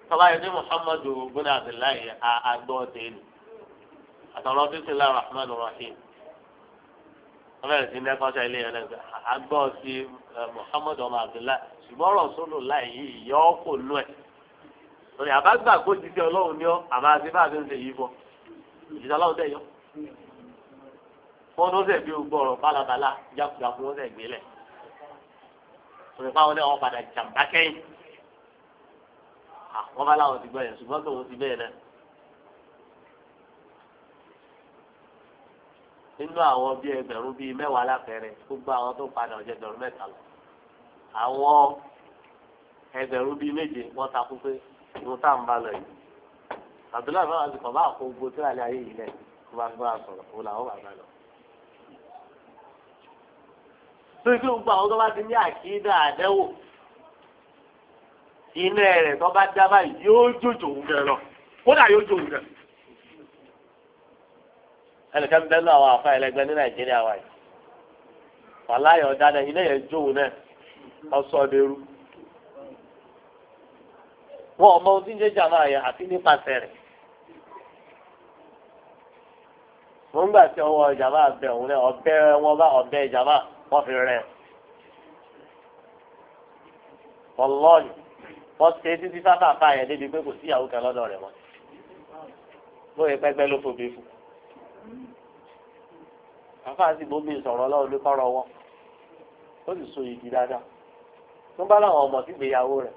tọ́ba yìí ní Muhammadu bin Abdullahi àgbọ̀ tẹ́lẹ̀ àtọ̀rọ̀ bísí wọ́n bẹ̀rẹ̀ sí ilé yẹn lẹ́gbẹ̀ẹ́ àgbọ̀ sí Muhammad ọmọ ṣùgbọ́n ọ̀rọ̀ sólò láì yí ìyá nú ẹ̀ lórí àbágbà kó jíjẹ ọlọ́run ní ọ àmà àti bá a ti ń ṣe yìí fọ ìṣẹ́ ọlọ́run tẹ̀ yọ. fọ́nù ó sẹ̀ bí ọ̀rọ̀ bálabàlá jákujàku ó sẹ̀ gbélẹ̀ òní fáwọn náà wọ́n jàǹbá kẹ́yìn àwọn bá láwọn ti gbọ́ nínú àwọn bíi ẹgbẹ̀rún bíi mẹ́wàá lápẹẹrẹ gbogbo àwọn tó padà ọ̀jẹ̀ ẹgbẹ̀rún mẹ́ta lọ. àwọn ẹgbẹ̀rún bíi méje wọ́n takú pé ìlú tá à ń bá lọ yìí. àdúrà náà ti kàn bá àpò gbogbo tí wàá lé ayé yìí lẹ̀ kó bá gbọ́ àsọ̀rọ̀ òun làwọn bàbá lọ. tó ìgbé gbogbo àwọn tó bá ti ní àkídà àdẹ́wò iná rẹ̀ tó bá dábàá yóò jòjò òun gẹ̀ ẹnìkan bẹ́ẹ̀ náà àwọn àfa ẹlẹgbẹ́ ní nàìjíríà wa yìí wàláyọ̀ ọ̀daràn ilé yẹn jóun náà ọ̀sọ̀dẹ̀rú wọn ọmọ ohun tí ń jẹ́ àti nípasẹ̀ rẹ̀ wọ́n gbà tí ọwọ́ jàmá bẹ̀ òun náà ọbẹ wọn bá fi rẹ̀ ọlọ́ọ̀lì wọ́n ṣe títí sáfàfà yẹn débi pé kò síyàwó kan lọ́dọ̀ bóyá ló àfáà sì bómi sọ̀rọ̀ ọlọ́run ní kọ́rọ̀ wọn ó sì so ìdí dáadáa tó bá láwọn ọmọ sí ìgbéyàwó rẹ̀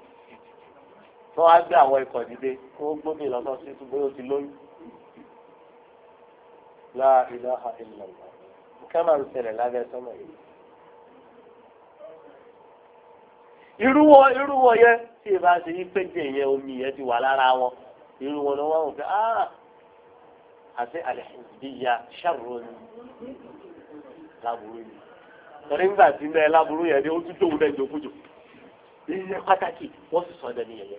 tó wá gbé àwọn ikọ̀ dìde kó gbómi lọ́sọ̀ sí tún ó ti lóyún. La ilaha illallah kẹ́mà ń ṣẹlẹ̀ lábẹ́ sọ́mọ̀ yìí. irúwọ irúwọ yẹn tí ì bá ṣe yí péjì yẹn omi yẹn ti wà lára wọn irúwọ ni wọ́n ń fẹ́ ah àti àlẹ́hìndíyà ṣàrò ni láburú ni torí nígbà tí bẹ́ẹ̀ láburú yẹn ni ó tún tóun náà jòkújò iye pàtàkì wọ́n sì sọ̀dọ̀ ní yẹyẹ.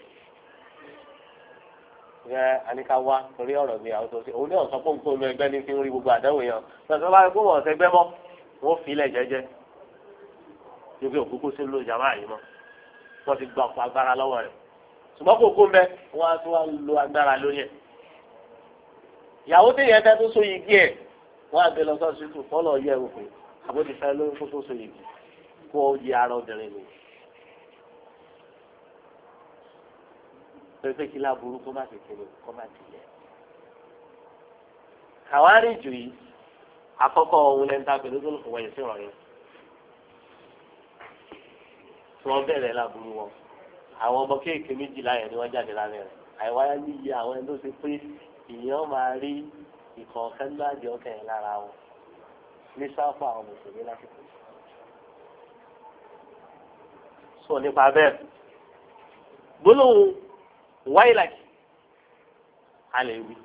Ṣé àníká wá torí ọ̀rọ̀ mi àwọn tó ṣe òun ní ọ̀sán pọ̀ nǹkan ọmọ ẹgbẹ́ ní fi ń rí gbogbo àdáwò yẹn lọ́sọ̀ bá gbogbo ọ̀sẹ̀ gbẹ́ mọ́ wọ́n fi ilẹ̀ jẹ́jẹ́ lókè òkúkú sí ló jàmá yìí mọ́ wọ́n ti gba ọ̀pọ̀ agbára lọ́wọ́ rẹ̀ ṣùgbọ́n kò kó mbẹ́ wọ́n á tún wá lo agbára lóyè ìyàwó tí yẹn fẹ́ tó so yìí gí ẹ̀ wọ́n á gbé lọ sọ sí tù fọ́lọ̀ yẹ wò pé àbójì fẹ́ ló kó tó so yìí gí kó o di ara obìnrin mi. pépé kí láburú kó má ti kéré kó má ti yẹ. kàwárí jù yìí àkọ́kọ́ ohun lẹ́ńtà pẹ̀lú tó ń fọwọ́ yìí sí ìrọ̀rùn tí wọ́n bẹ̀rẹ̀ láburú wọn àwọn ọmọ kéèké méjìlá yẹn ni wọ́n jáde lálẹ́ rẹ̀ àìwáyá níyì àwọn ẹni tó ṣe pé ìyẹn máa rí ìkọ̀ọ̀kan gbáàjọ kẹrin lára wọn ní sáfù àwọn mùsùlùmí lásìkò. sọ nípa bẹ́ẹ̀ gbólóhùn wáìlàkì a lè wí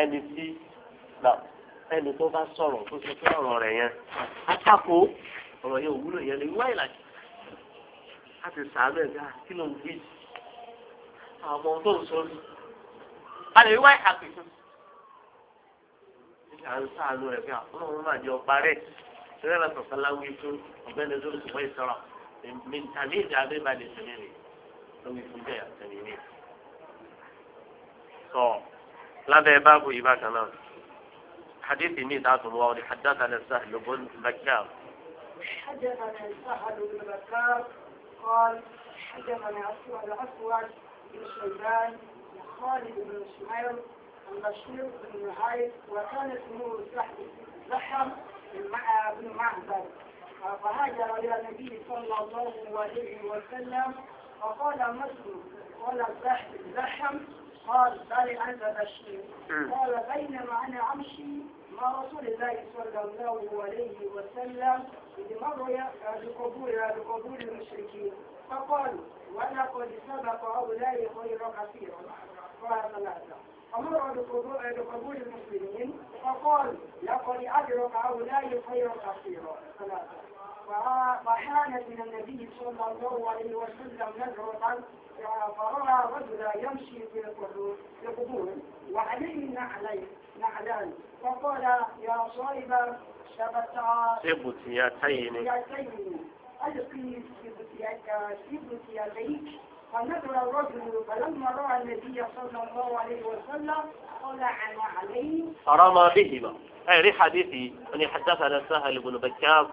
ẹni tí náà tó bá sọ̀rọ̀ tó ṣe fẹ́ ọ̀rọ̀ rẹ̀ yẹn akáko ọ̀rọ̀ yẹn òwúlò yẹn lè wá ìlàjì láti sàánú ẹ̀dá ah, kí ló ń gbé jì àwọn ohun tó ń sọ ní. a lè rí wáyé àpèkún. à ń sáànù rẹ̀ pé àwọn ọmọ máa jẹ ọ̀pá rẹ̀ ṣẹlẹ̀ lọ́sọ̀ sáláwí fún ọ̀gbẹ́ni tó ń sọ̀rọ̀ ìsọ̀rọ̀ tàbí ìjà abẹ́balẹ̀ sẹ́mi rẹ̀ lórí fún bẹ́ẹ̀ àtẹ̀mí mi. sọ lábẹ́ báàbù yìí bákan náà حديث مين تعطوا الله حدثنا السهل بن بكار حدثنا السهل بن بكار قال حدثنا أسود أسود بن شيبان وخالد بن شعير البشير بن نهايد وكان اسمه زحم مع بن معبد فهاجر إلى النبي صلى الله عليه وسلم فقال مسلم قال زحم قال بل أنت بشير قال بينما أنا أمشي مع رسول الله صلى الله عليه وسلم إذ مر بقبور بقبور المشركين فقالوا ولقد سبق هؤلاء خير كثيرا قال ثلاثة فمر بقبور المسلمين فقالوا لقد أدرك هؤلاء خير كثيرا ثلاثة فحان من النبي صلى الله عليه وسلم نزعة فرأى رجلا يمشي في القبور وعليه نعلين نعلان فقال يا صاحب شبتا سبتيتين ألقي سبتيتيك فنظر الرجل فلما رأى النبي صلى الله عليه وسلم طلع عليه فرمى بهما أي حديثي أني حدثنا سهل بن بكار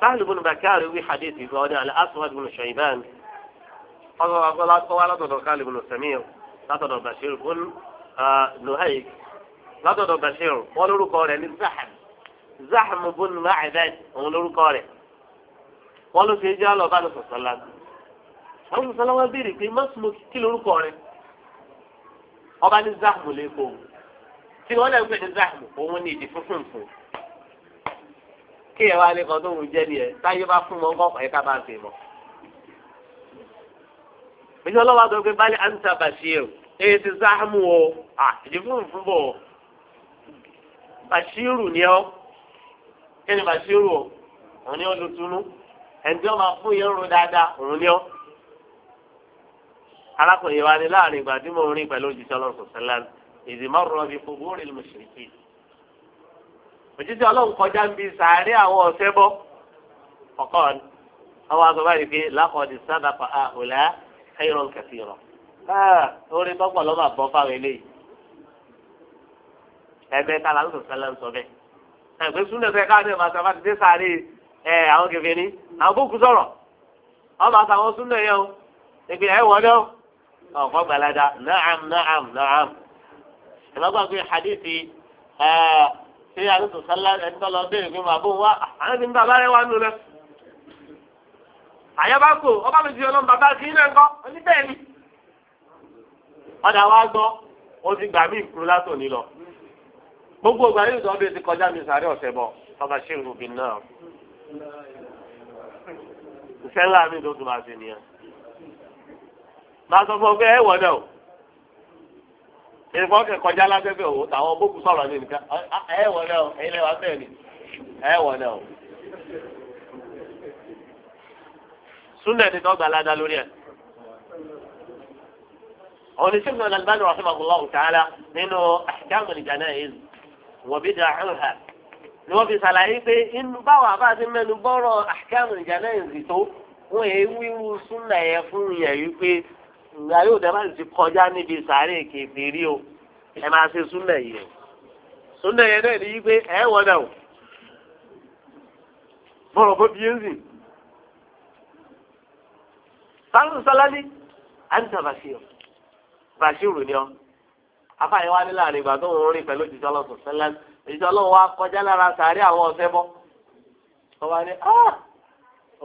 sáàlù bùnú bàkàrẹ̀ wí hadithi ìgbà ọdún àlẹ́ aswad bùnú ṣèyíbán ọgbọ̀n agbọ́lá tó wá látọ̀dọ̀ káàlù bùnú sẹ̀míọ̀ látọ̀dọ̀ bashir bùnú uh, nuhaik látọ̀dọ̀ bashir wọn lórúkọ rẹ̀ ní zahm zahm bùnú ma'adan òun lórúkọ rẹ̀ wọn ló ṣe jẹ́ ọlọ́ba ní sọ̀sọ́lá àwọn sọ̀sọ́lá wọn béèrè pé mọ́sùmù kí lórúkọ rẹ̀ ọba ní zahm lè kó kí ni wọ́n lè gbé ní zahm òun ní ìdí fúnfún fún un kí ẹ wá ní kan tó ń jẹ́ ni ẹ táyé bá fún mọ ọkọ ẹ ká bá ṣe mọ. bísí ọlọ́wà sọ pé báyìí ansa bashir èyí ti sáhámù o àti fún ìfúnbọ̀ bashiru ni ọ kí ni bashiru o òun ni ọ lu tunu ẹni ọ máa fún yẹn ro dáadáa òun ni ọ. arákùnrin wa ni láàrin ìgbà tí mo rìn pẹ̀lú òjíṣẹ́ ọlọ́run sọ̀tẹ́lá ìdìmọ̀ rọ̀ bí fún bóòrè lùmùsùlùmí òjijì ọlọ́run kọjá ń bi sàárẹ̀ àwọn ọ̀sẹ́ bọ́ ọ̀kan àwọn àgbàbá yìí pé lákọ̀ọ́dì sábà pa àhùlá ẹ̀yọ̀rọ̀ kẹfì rọ̀ orí tọ́pọ̀ lọ́ba bọ́ fáwọn eléyìí ẹgbẹ́ tala ló sọ̀tẹ́lẹ̀ ń sọ bẹ́ẹ̀ ẹgbẹ́ súnlẹ̀ fẹ́ káàdé ọba sábà ti dé sàárẹ̀ ẹ àwọn kẹfì ni àwọn ṣé àdúgbò sálá ẹni tó lọ béèrè pé màbó wa àwọn ti ń bá abáyé wa nù lẹ. àyẹ̀bá kò ọba mi ti ọlọ́run bàbá kì í náà kọ́ oníbẹ̀ẹ́ ni. ọ̀dà wa gbọ́ ó ti gbà mí ìkúrú látòní lọ. gbogbo ìgbà yóò sọ bí o ti kọjá mi sàárẹ̀ ọ̀sẹ̀ bọ̀ ọba ṣéèrù bí náà. ìṣẹ́ ńlá ló tún máa ṣe nìyẹn. máa sọ fún ọ ìfọ̀ kẹ kọjá lábẹ́bẹ̀ o tàwọn bókù sọ̀rọ̀ ní nìkan ẹ wọ̀ náà ẹ̀yin lẹ́wà bẹ́ẹ̀ ni ẹ wọ̀ náà. súnlẹ̀ ni dọ́gba aládá lórí ẹ̀. òní sèkúrò nàlbánu rahimahullahu ta'ala nínú ahkamul ni wọ́n fi ṣàlàyé pé inú mẹ́nu bọ́rọ̀ tó wọ́n ìgbà yóò dẹ́ máa ti kọjá níbi sàárè kèfèrí o ẹ máa ṣe súnlẹ̀ yìí o súnlẹ̀ yẹn náà ní yí pé ẹ wọ́n dà o bọ̀rọ̀ bó bí yézì sáàrùn sálálí àǹtà bàṣírù bàṣírù ni ọ afáyín wá ní láàrin ìgbà tó ń rìn pẹ̀lú ìjọ ọlọ́sùn sẹ́lẹ̀m ìjọ ọlọ́run wá kọjá lára sàárẹ̀ àwọn ọ̀sẹ́ bọ́ wọ́n wá ní ah!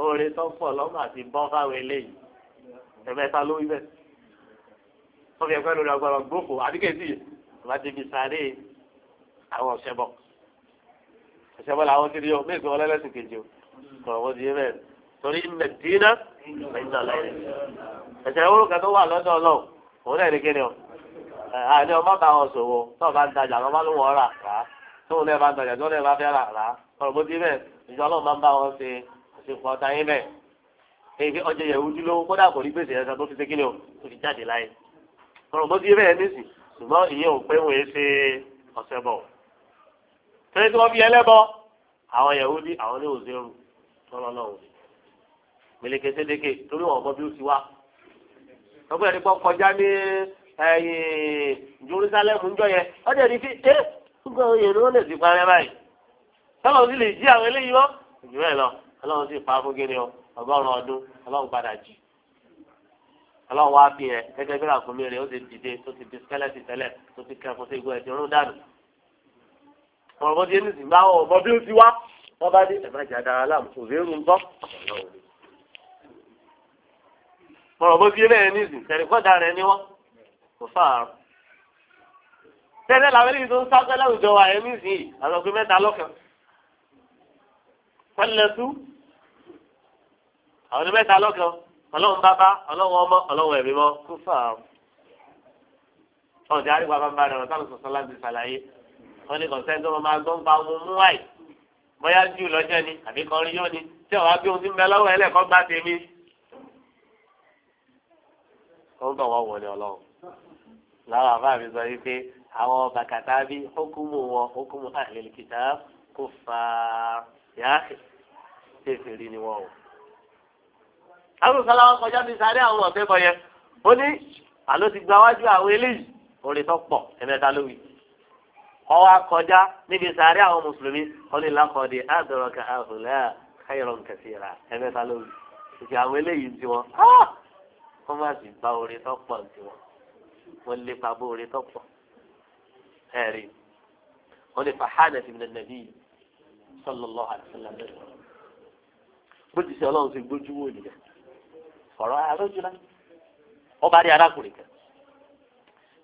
oore tó ń pọ̀ lọ́mọ àti bọ́ fáwọn eléyìí ẹ̀mẹ́ta ló wí bẹ́ẹ̀ ó fi ẹgbẹ́ lórí ọgbọ́n gbòkó àdìgẹ́sì ọba ti fi sáré àwọn ọ̀ṣẹ́bọ̀ ọ̀ṣẹ́bọ̀ làwọn kiri yọ mẹ́gbẹ́ ọlẹ́lẹ́sìn kejì o kọ̀ọ̀ wọ́n ti yé bẹ́ẹ̀ torí mẹ̀dínà ẹ̀sẹ̀ ìwúrò kan tó wà lọ́dọ̀ ọlọ́run òun náà ní kíni o àní ọmọ bá wọn sòwò tó bá ń tajà lọ́mọ ló wọ́n rà rà tó lè bá ń tajà tó lè bá fẹ́ rà rà kọ̀ọ̀ bó ti bẹ́ẹ̀ ìjọ ọlọ́run máa ń bá wọn ṣe àṣepọ̀ sọ̀rọ̀ bó ti yé bẹ́ẹ̀ nísì ṣùgbọ́n ìyẹn ò pé wọ́n ṣe ọ̀sẹ̀ bọ̀. torí tí wọ́n fi ẹlẹ́bọ àwọn Yahudi àwọn ní òzèrú tọ́lọ́ náà wò. gbèlèkè sédèké torí wọn mọ bí ó ti wá. ọgbẹ́ ẹ̀rí kan kọjá ní Jerusalem ńjọ yẹn wọ́n jẹ́ ní fi ẹ́ gbogbo àwọn èèyàn ni lè ti parẹ́ báyìí. sọ́wọ́n sì lè jí àwọn eléyìí mọ́. ìjùmọ̀ ẹ̀ lọ ọlọ́run sì pa fún gíní ọgọ́rùn ọdún ọlọ́run padà jí ọlọ́run wá fi yẹn gẹ́gẹ́ bí ràkúnmí rẹ̀ ó ti dìde tó ti di skẹ́lẹ́tì tẹ́lẹ̀ tó ti kẹ́kọ̀ọ́ sí igun ẹ̀ ti rún dànù. ọ̀rọ̀ bó ti ní ìgbà ọ̀rọ̀ bí ó ti wá wọ́n bá dé ẹ̀fà jà dára láàmú kò rí irun bọ́. ọ̀rọ̀ bó ti yé bẹ́ẹ̀ ní ìsìn tẹ̀lékọ́dà rẹ̀ ni wọ́n kò fà á. tẹ́lẹ̀ làwọn eléyìí tó ń sáfẹ́ ọlọ́run bàbá ọlọ́run ọmọ ọlọ́run ẹ̀mí mọ́ kó fà á. ọ̀dẹ̀ àríwá bá ń bá rẹ̀ wọ́n sálọ̀ sọ̀sọ́ láti ṣàlàyé wọ́n ní kọ̀ǹsẹ́ tó máa gbọ́n pa ohun mú wáì bóyá jù lọ́jọ́ ni àbí kan rí yóò ní tí ọ̀wá bí ohun ti ń bẹ lọ́wọ́ ẹlẹ́kọ́ gbá tèmi. ó ń bọ̀ wọ́n wọlé ọlọ́run láwọn àbá mi sọ wípé àwọn bàkàtà bí hukumu wọn hukumu ahlil kitab kufar yá tèfèrí ni wọ́n o arúgbó wa kọjá ní sáré àwọn ọ̀fẹ́ bọ̀ yẹn ó ní àló ti gba wájú àwọn eléyìí orí tó pọ̀ ẹ̀mẹ́ta ló wí ọwọ́ akọjá níbi sáré àwọn mùsùlùmí ó ní lákọ̀ọ́dẹ àdọ̀rọ̀kà àhùlẹ́ káyọ̀rọ̀ kẹsìrà ẹ̀mẹ́ta ló wí ìfẹ́ àwọn eléyìí ti wọn wọ́n má sì bá orí tó pọ̀ ti wọn wọ́n lé pabó orí tó pọ̀ ẹ̀rí wọ́n lè fa hánà ti bìnnà nàbí bó ti ṣe ọlọ́run ti gbójú wò nìyẹn ọ̀rọ̀ àròjù náà ọba rí arákùnrin kan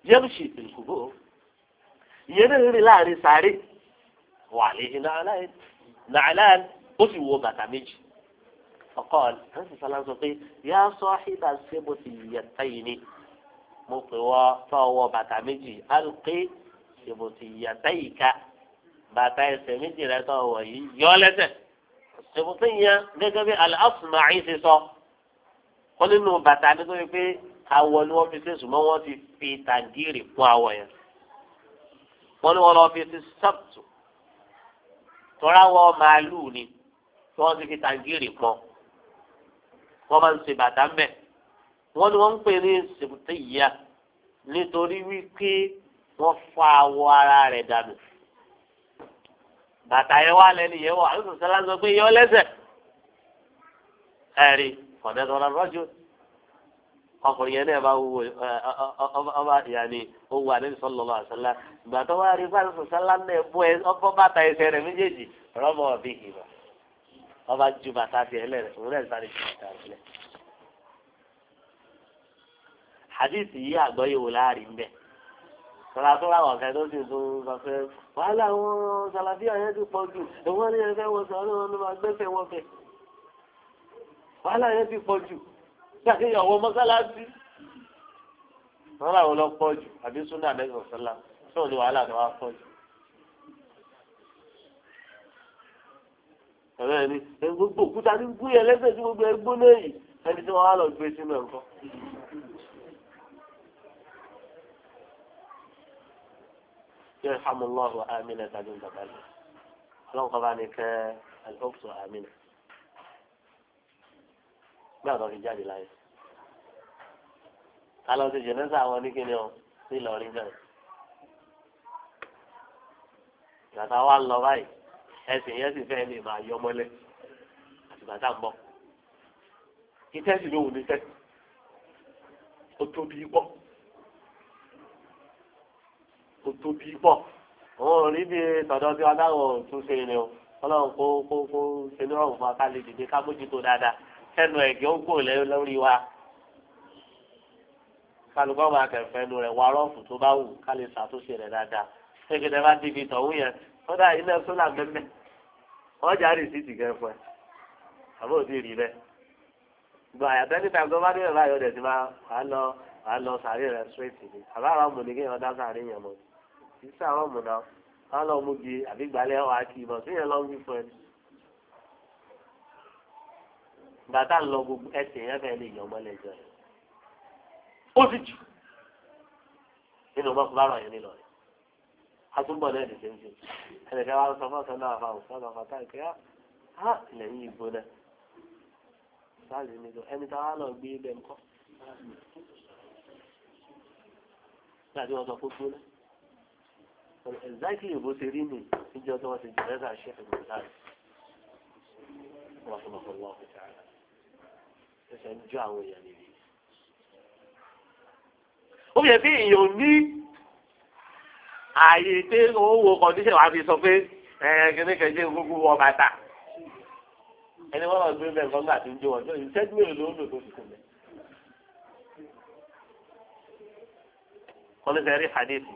yẹ́mùsì ìkùbó ìyẹn náà rìn láàrin sáré wà léyìn nàálàá ó sì wọ bàtà méjì ọkọ ẹsẹ sọlá sọ pé yà á sọ àhìbá ṣé mo ti yẹ táyì ni mo pè wọ tọwọ bàtà méjì alùpé ṣé mo ti yẹ táyì ká bàtà ẹsẹ̀ méjì rẹ tọwọ yìí yọ lẹ́sẹ̀ ṣé mo ti yẹ gẹ́gẹ́ bí alásùmáì ṣe sọ wọ́n nínú bàtà ni tó yẹ pé awọ ni wọ́n fi ṣe sùn mọ́ wọ́n ti fi tàǹgìrì kún awọ yẹn wọ́n ní wọ́n lọ fi ṣe sọ́ọ̀tù tọ́ra màálùú ni tí wọ́n ti fi tàǹgìrì kún wọ́n máa ń ṣe bàtà mbẹ́ wọ́n ní wọ́n ń pè ní sèkútẹ́yìá nítorí wípé wọ́n fa awọ ara rẹ̀ dànù bàtà yẹn wà lẹ́nu yẹn wọ̀ àlùsọ̀sọ̀ lásán pé yọ lẹ́sẹ̀ ẹ̀rí kọ̀dẹ́ tọ́lá rọ́jò ọkùnrin yẹn náà bá wúwo ọba yanni ó wà níbi sọlọlọ àṣálá ìgbà tó wá rí báyìí sọsálá náà bú ẹ ọbọ bàtà ẹsẹ̀ rẹ̀ méjèèjì rọmọ ọbí ìbá ọba ju bàtà tiẹ̀ lẹrẹ òun náà sáré ju bàtà rẹ̀ lẹ. hadith yìí àgbọ́yé wò láàrin bẹ́ẹ̀ sọlá tó láwọn ọ̀fẹ́ tó sì tún sọ pé wàhálà àwọn sàlàfíà yẹn ti pọ̀ jù ìwọ́n ní ẹgbẹ́ wàhálà yẹn ti pọ̀ jù ṣàkíyàn ọwọ́ mọ́sálásí wọ́n làwọn lọ pọ̀ jù àbí súnà àbẹ́sẹ̀ ọ̀sánlá sọ̀rọ̀ ni wàhálà ni wọ́n á pọ̀ jù. ẹ̀rọ ẹni gbogbo òkúta ní gbé yẹn lẹ́sẹ̀ tí gbogbo ẹ gbóná yìí ẹni tí wọ́n á lọ gbé sínú ẹ̀kọ́. yẹ hàmúlọ́ọ̀rù àmì nẹ́ta ní ìjọba yìí ọlọ́nkọ́ bá gbà fi jáde láyé ká lọ sí jẹnẹsà àwọn oníkíni ọ sí Ìlọrin náà ìgbàtà wa lọ báyìí ẹsìn yẹn sì fẹ́ẹ́ lè máa yọ mọ́lẹ̀ àtìgbàtà ń bọ̀ iṣẹ́ sì lóhùn níṣẹ́ ó tóbi pọ̀ ó tóbi pọ̀ òun ò rí bí tọ̀dọ̀ bí wọn dáhùn tún ṣe ni o ọlọ́run kó kó kó ṣe ní ọ̀hún fún wa ká lè dáadáa. kẹnu ẹ̀gẹ́ ó lórí wa kálukọ́ máa kẹfẹ́ nu rẹ̀ wà rọ́ọ̀fù tó bá wù ká lè ṣàtúnṣe rẹ̀ dáadáa ṣégeṣẹ́ bá dìbì tọ̀hún yẹn ó dà ilé sólà mẹ́mẹ́ wọ́n jà rì sí àbó òdì rí bẹ́ẹ̀ gbọ́ àyàtọ̀ níta gbọ́ bá dé ìrọ̀lá yọ̀dẹ̀ tí máa wà á lọ wà á lọ sàárè rẹ̀ ni àbá àwọn ọmọ nìkan yẹn sàárè yẹn àwọn ọmọ náà wọ́n mú bi àbí gbalẹ̀ wà á gbàtà ń lọ gbogbo ẹsẹ̀ yẹn fẹ́ lè yọ ọmọlẹ̀ jọ yẹn ó sì jù nínú mọ́kúbárọ̀ yẹn nílọ rẹ̀ àtúbọ̀ náà lè ṣe ń ṣe ẹnìkan wá sọ fọ́ọ̀sán náà fa òṣùwọ̀n náà fata ìkẹ́ á ilẹ̀ yìí gbóná sáàlì mi lọ ẹni táwa lọ gbé ibẹ̀ ńkọ́ láti wọn sọ fún gbóná exactly bó ṣe rí mi níjọ́ tí wọ́n ti jẹ́ lẹ́sà ṣẹ́fẹ̀ gbọ̀ngàn wọ́n fún ọkọ̀ lọ́wọ́ fún ṣáà ṣẹ̀ṣẹ̀ àwọn èèyàn nìyí. ó yẹ kí èèyàn ní ààyè pé owó kọ̀díṣẹ̀ wàá fi sọ pé ẹ̀ẹ́dẹ́gbẹ̀rún kẹjẹ gbogbo wọ bàtà ẹni wọn lọ gbé bẹ́ẹ̀ gbọgbà tó ń jó wọn ìṣẹ́jú èrò ló ń lò tó fi kò mẹ. wọ́n ní rí hadithi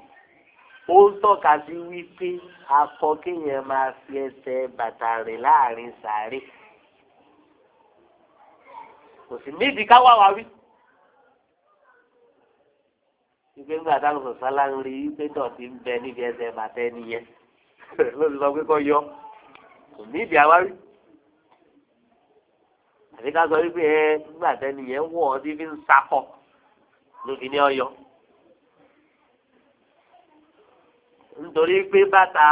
ó ń tọ́ka sí wípé akọ kéèyàn máa fi ẹsẹ̀ bàtà rìn láàrin sàárè kò sí níbi káwá wa wí. ìgbẹ́ ńgbà táwọn sọ̀sọ́ láń rí pé dọ̀tí ń bẹ níbi ẹsẹ̀ bàtẹ́ nìyẹn <laughs> ló lọ pé kọ́ yọ kò níbi àwa wí. àbí ká sọ wípé ẹ nígbà tẹ́ni yẹn wọ̀ ọ́ tí fi ń sakọ ló fi ní ọyọ. nítorí pé bàtà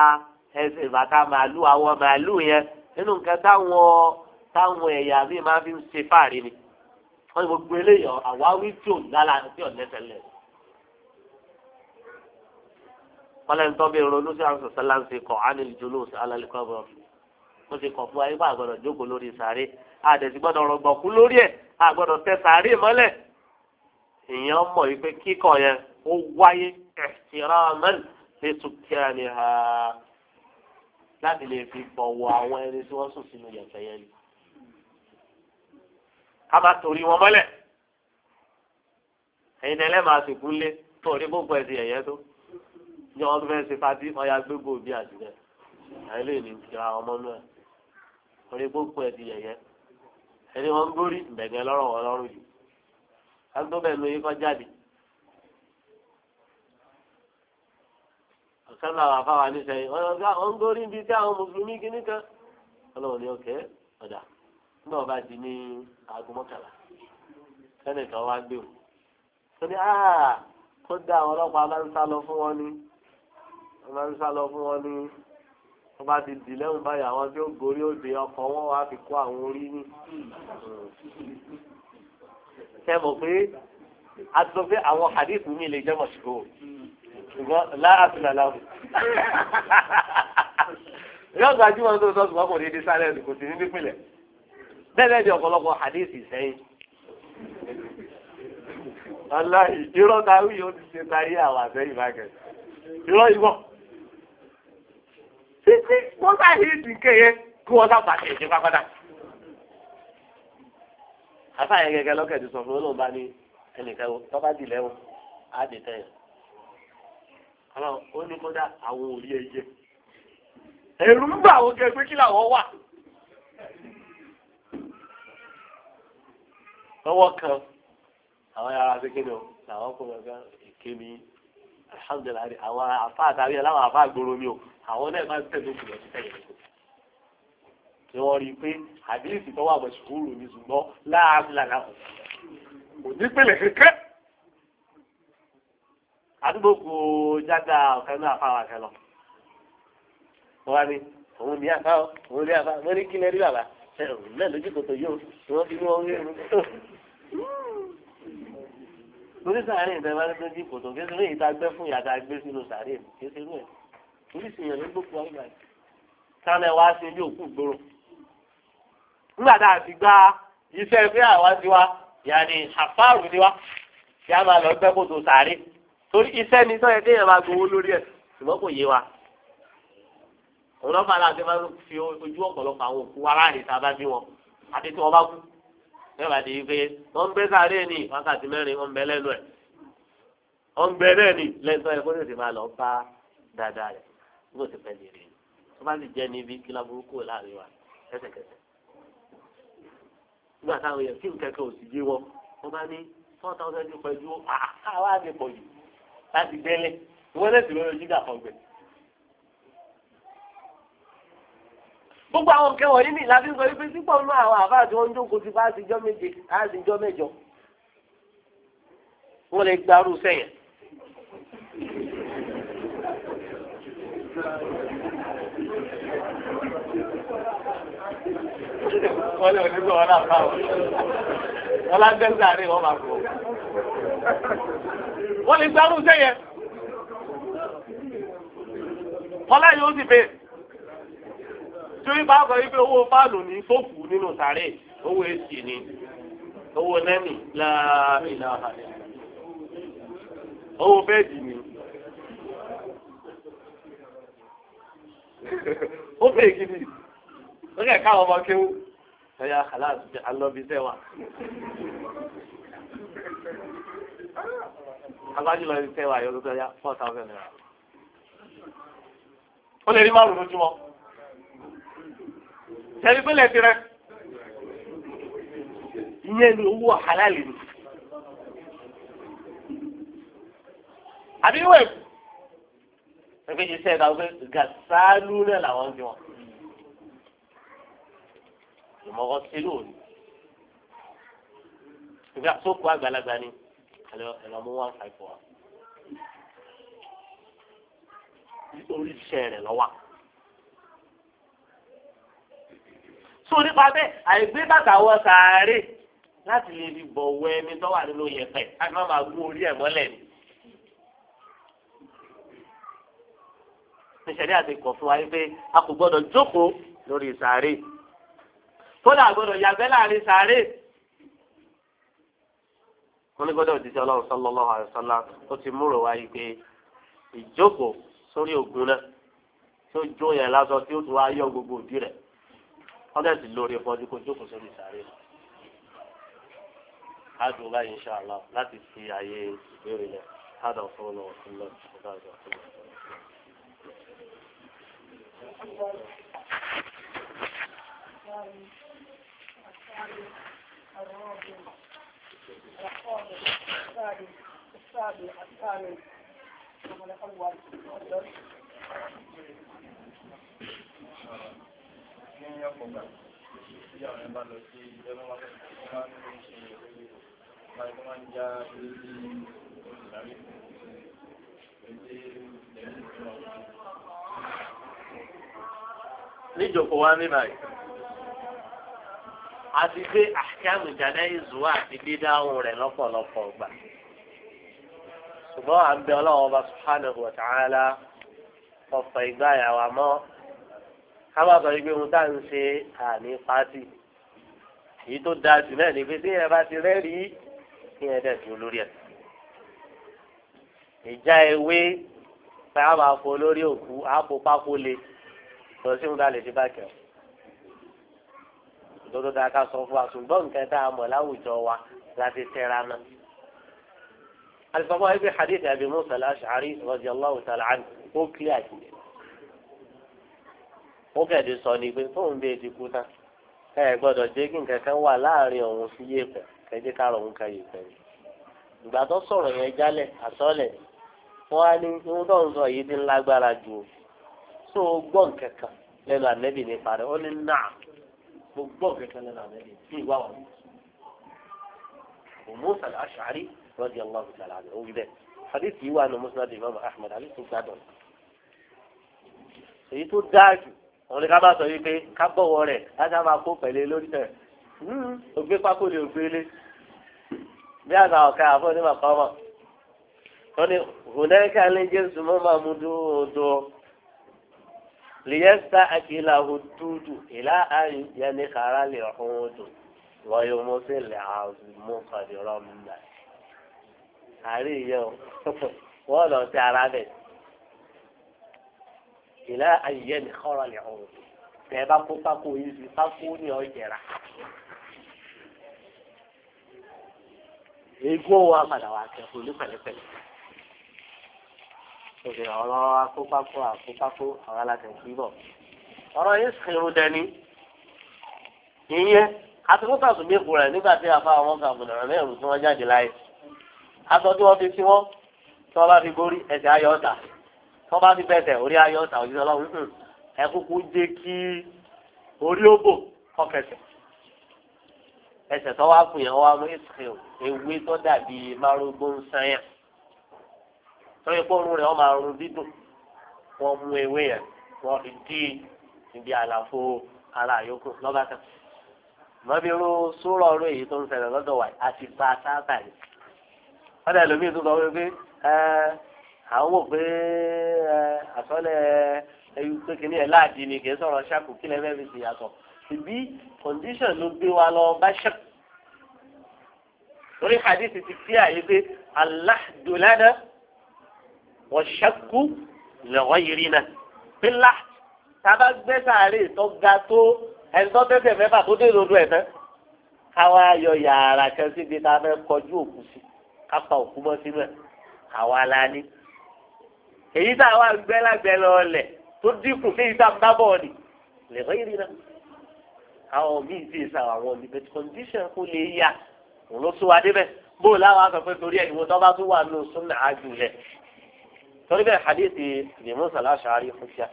ẹsẹ̀ bàtà màálù àwọn màálù yẹn nínú nǹkan táwọn táwọn ẹ̀yà míì máa fi ń ṣe fáàrí ni wọ́n ti gbogbo eléyìí àwáwí tí ò dára tí ò lẹ́sẹ̀lẹ̀. wọ́lẹ̀ ń tọ́bi ronú sí àwọn sọ̀sẹ́ láǹṣe kọ̀ ánìl jùlọ alálẹ́kọ̀ ọ̀bọ̀ mo ti kọ̀ fún wa yípa àgbọ̀dọ̀ jókòó lórí sàárè àdẹ̀sí gbọ́dọ̀ rọgbọ̀kú lórí ẹ̀ àgbọ̀dọ̀ tẹ sàárè mọ́lẹ̀ èèyàn mọ̀ wípé kíkọ̀ yẹn ó wáyé ẹ̀sìnrán lè tún kí á ní láti lè fi bọ̀wọ̀ àwọn ẹni tí wọ́n sùn sínú yẹ̀fẹ̀ yẹn ni ká má torí wọn mọ́lẹ̀ ẹ̀yin tẹ́lẹ̀ máa sìnkú lé torí gbogbo ẹ̀sìn ẹ̀yẹ tó ní wọn tó fẹ́ ṣe fati ọya gbégbó bí àdìrẹ àìlè ní ìra ọmọ náà torí gbogbo ẹ̀sìn ẹ̀yẹ ẹni wọn gbórí ìbẹ̀gẹ́ lọ́rọ̀ wọn lọ́rùn yìí agbóbẹ̀ ló yẹ kọ́ jáde. ọ̀sán làwọn afáwa níṣẹ́ yìí ọ̀gá ọ̀ngórí bíi tí àwọn mùsùlùmí kìíní kan ọlọ́run ní ọ̀kẹ́ ọ̀dà ní ọba di ní aago mọ́kànlá sẹ́nìkan wá gbé o tó ní áà kó dá àwọn ọlọ́pàá alárúsá lọ fún wọn ní alárúsá lọ fún wọn ní wọ́n bá ti dì lẹ́hùn báyìí àwọn tí ó gorí òde ọkọ̀ wọn wá fi kó àwọn orí ní. ṣe mọ̀ pé a sọ pé àwọn hadith mi lè jẹ́ mọ̀ṣíkò ṣùgbọ́n láàfin aláwọ̀ yóò gbajúmọ̀ tó sọ ṣùgbọ́n kò ní dé sálẹ̀ kò sí ní nípìnlẹ̀. bẹ́ẹ̀ ni ọ̀pọ̀lọpọ̀ hadisi sẹ́yìn. aláì irọ́ ta yóò ti ṣe táyé àwọn àtẹ́yìn bá kẹ ìwọ̀. títí wọ́n bá yí ìdíkẹ́yẹ kí wọ́n sábà ṣe ìṣe pápátá. afáyẹ gẹ́gẹ́ lọ́kẹ̀ ti sọ fún olóhùn bá ní ẹnìkan tọ́ba dì lẹ́wọ̀n á dì tẹ̀yìn. ọlọ́run ó ní àwọn lọ́wọ́ kan àwọn yàrá sí kíni o làwọn kò lọ gán èké mi alhamdulilayi àwọn afa àtàrí aláwọ̀ afa àgbòrò mi o àwọn náà máa ń tẹ̀lé òkú lọ sí tẹ̀lé ni wọ́n rí i pé àdéhìsì tó wà mọ̀ṣúkúrò ní ṣùgbọ́n láàárín làwọn kò ní pèlè kékeré àdúgbò kò jágà ọ̀kan náà fáwọn akẹ́ lọ wọ́n á ní òun ní àfáà òun ní àfáà wọ́n kí lẹ́rí bàbá ẹ̀ òun lójú kòtò yóò wọ́n fi wọ́n rí torí sàárè ìbẹ̀rẹ̀ wáyé tó dín kòtò kéṣe lóye ìta gbẹ́ fún ìyàtà gbé sínú sàárè kéṣe lóye torí sèèyàn ló gbókùn ọgbà yìí sálẹ̀ wá sí ilé òkú gbòòrò nígbà tá a ti gba iṣẹ́ pé àwa ti wá yàní àfáàrù ni wá kí a máa lọ gbẹ́ kòtò sàárè torí iṣẹ́ ni sọ́yẹ kéèyàn máa gbowó lórí ẹ̀ ṣùgbọ́n kò yé wa òun lọ́fà láti máa fi ojú ọ̀pọ̀lọpọ̀ àwọn òkú wa láàrin tá a bá bí bẹ́ẹ̀ bá di ife wọ́n gbé sáré ni wákàtí mẹ́rin wọ́n bẹ lẹ́nu ẹ̀ wọ́n bẹ náà ní lẹ́tọ́ ẹ̀ kó lè ti máa lọ bá dáadáa rẹ̀ nígbà tó fẹ́ lè ni tó bá sì jẹ́ níbi kí láburúkú láàrin wa kẹ́sẹ̀kẹ́sẹ̀ nígbà táwọn èèyàn kí nǹkan kan ò sì yé wọn wọ́n bá ní four thousand pẹ̀lú àwa ni pọ̀ jù láti gbẹ́lẹ̀ ìwọ́n lẹ́sìn lórí ojú gà gbogbo àwọn nǹkan wọ̀nyí ní ìlàbí ń sọ wípé púpọ̀ nínú àwọn àbá àti wọn ń jókòó ti fáà síjọ́ méje á síjọ́ mẹ́jọ. wọ́n lè gbarú sẹ́yìn. wọ́n lè onígbọ̀ wọn náà fáwọn. wọ́n lágbẹ́sà rẹ̀ wọ́n máa fọ́. wọ́n lè gbarú sẹ́yìn. ọlá yóò sì bẹ́ẹ̀ torí bá sọ wípé owó fáànù ní sófù nínú sàárẹ̀ owó èsì ni owó nẹ́ẹ̀mì láàbìlà owó bẹ́ẹ̀dì ni. ó fẹ́ gidi ó kẹ̀ káwọn ọmọ kéwú ẹ̀yà aláàbí alọ́bíṣẹ́ wa agbájú lọ sí sẹ́wà yọ lọ́sọ̀ọ́yà four thousand naira ó lè rí márùn-ún lójúmọ́ tẹ̀lé pínlẹ̀ tirẹ̀ ìyẹn ni owó halal ni. àbí wẹ̀ ẹgbẹ́ yìí sẹ́yìn káwọn fẹ́ gàṣálú náà làwọn fi wọn. ìmọ̀kọ́ sílò ni ìgbà tó kó àgbàlagbà ni ẹ̀rọ mú one five four. nítorí iṣẹ́ rẹ̀ lọ́wọ́. so nípa bẹ́ẹ̀ àìgbé bàtà wọ sàárè láti lè fi bọ̀wọ̀ ẹni tó wà nínú yẹ̀pẹ̀ láti má máa gún orí ẹ̀ mọ́lẹ̀ ni. níṣẹ̀lẹ̀ àti kọ̀ fún wa pé a kò gbọ́dọ̀ jókòó lórí sàárè kódà gbọ́dọ̀ yàgbẹ́ láàrin sàárè wọ́n ní gbọ́dọ̀ òjijì ọlọ́run sallallahu alaihi wasallam ó ti múrò wá yìí pé ìjókòó sórí ògùn náà tí ó jó yẹn lásán tí ó tún wá yọ gbogbo òdì rẹ̀ ọdẹ lórí lórí ọdún kó jókòó sórí sàárè lọ ádùn báyìí ń Allah láti fi àyè ìbéèrè rẹ ádùn fún ọlọ ọtún lọ sí ọgá àgbà fún ọlọ. الثالث السابع ní ọ̀pọ̀gbà tí àwọn ẹ̀bá lọ sí ìjọba wọn máa ń ṣe máa ń máa ń já ilé sí olùdarí níjòkó wa ní báyìí àti pé àkàmù ìjàdá ìzùwà àti dídáhùn rẹ̀ lọ́pọ̀lọpọ̀ gbà ṣùgbọ́n à ń bẹ ọlọ́run ọba subhanahu wa ta'ala ọ̀fọ̀ ìgbà yà wà mọ́ káwá sọ wípé ohun tá à ń ṣe àní pátì èyí tó dáa jù náà ní pé tí ẹ bá ti rẹ́rìí kí ẹ dẹ̀ fi olórí ẹ̀. ìjà ewé pé a máa fọ olórí òkú àpò pákó le lọ sí ohun tá a lè ṣe bá kẹ́ ọ lọ́dọ̀ dáa ká sọ fún wa nǹkan tá a mọ̀ láwùjọ wa láti tẹ́ra náà. alifaba ibi hadith abi musa al-ash'ari radiyallahu ta'ala anhu ó kílẹ̀ ó kẹ̀dé sọ ni pé tóun bẹ́ẹ̀ ti kú tán ẹ gbọ́dọ̀ jẹ́ kí nǹkan wà láàrin òun sí yèèpẹ̀ kẹjẹ́ káàrọ̀ òun ka yèèpẹ̀ ni ìgbà tó sọ̀rọ̀ yẹn jálẹ̀ àtọ́lẹ̀ wọ́n á ní ohun tó ń sọ yìí ti ń lágbára ju o tó o gbọ́ nǹkan kan lẹ́nu ànẹ́bì nípa rẹ̀ ó ní nà mo gbọ́ nǹkan kan lẹ́nu ànẹ́bì bí ìwà wà ní. Musa al-Ash'ari radiyallahu ta'ala anhu òwì bẹ́ẹ̀ hadith yìí wà ní Musnad Imam Ahmad hadith gbàdọ̀ èyí tó dáa jù òun ni ká bá sọ wípé ká bọ̀wọ̀ rẹ̀ láti máa kó pẹ̀lẹ́ e lórí ẹ̀ ògbé hmm, pákó lè ògbé lé bí àgbà ọ̀ka àbọ̀ ní màkà ọmọ wọ́n ní hùnẹ́kà ní jésù mọ́ máa mú dúró lìyẹ́sà àkìlà òdúdú ìlà àárín yẹnì kàrà lè ọ̀hún odò wọ́n yóò mú sí ilẹ̀ àwọn mú kọ̀dí rọ́ọ̀mù náà àárín yẹn wọ́n lọ sí arábẹ̀ ìlà ayé ni kọ́ra lè ọ̀rọ̀ tẹ̀ bá kó pákó yìí sí pákó ní ọ̀jẹ̀ra. eégún wa padà wà kẹ́kọ̀ọ́ ní pẹ̀lẹ́pẹ̀lẹ́ òkè ọ̀rọ̀ akópákó akópákó ọ̀rọ̀ alátẹ̀kí bọ̀ ọ̀rọ̀ yìí sèrò dání ìyẹn àtúntò àtúndékù rẹ̀ nígbà tí a fa àwọn gàmùnà mẹ́rin tí wọ́n jáde láyé aṣọ tí wọ́n fi sí wọ́n tí wọ́n bá fi borí ẹ̀sẹ̀ ayọ̀ ọ̀tà tó ti bẹ̀tẹ̀ orí ayọ̀ ọ̀tà òjijì ọlọ́run ẹ jẹ́ kí orí ògbò kọ́kẹsẹ̀ ẹsẹ̀ tó wá yẹn wá mú ìsìnkú ewé tó dàbí márógbó ń torí pé rẹ̀ wọ́n máa rún dídùn wọ́n mú ewé yẹn wọ́n fi dí ibi àlàfo ara àyókù lọ́ba kan ọ̀rọ̀ èyí tó ń lọ́dọ̀ àti bá a sábà ní. wọ́n dẹ̀ lómi àwọn wò pé àsọlẹ̀ ẹyú pé kìíní ẹ̀ láàdì ni kìí sọ̀rọ̀ ṣáàkù kí lẹ́ fẹ́ẹ́ fi sì yàtọ̀ ṣùgbí condition ló gbé wa lọ bá ṣẹ́kù torí hadith ti fi àyè pé aláàdùlánà wọ́n ṣẹ́kù lọ́wọ́ yìí náà pé láà tába gbé sàárè tó ga tó ẹni tó tẹ́tẹ̀ mẹ́fà tó dé lódò ẹ̀ tán yọ yàrá kan síbi tá a fẹ́ kọjú òkú sí ká òkú mọ́ sínú ẹ̀ àwa la ní èyí tá a wá gbẹ́ lágbẹ́ lọ lẹ̀ tó dínkù fún èyí tá a bá bọ̀ ni lè fẹ́ yìí rírà àwọn míì sì sà àwọn olùbẹ̀tì condition kò lè yà òun ló sún wa débẹ̀ bó o láwọn afẹ́fẹ́ torí ẹ̀ ìwọ́n tó bá tún wà ní oṣùn náà á lẹ̀ torí bẹ́ẹ̀ hadithi ìdìmú sàlásà àárí fún ṣíà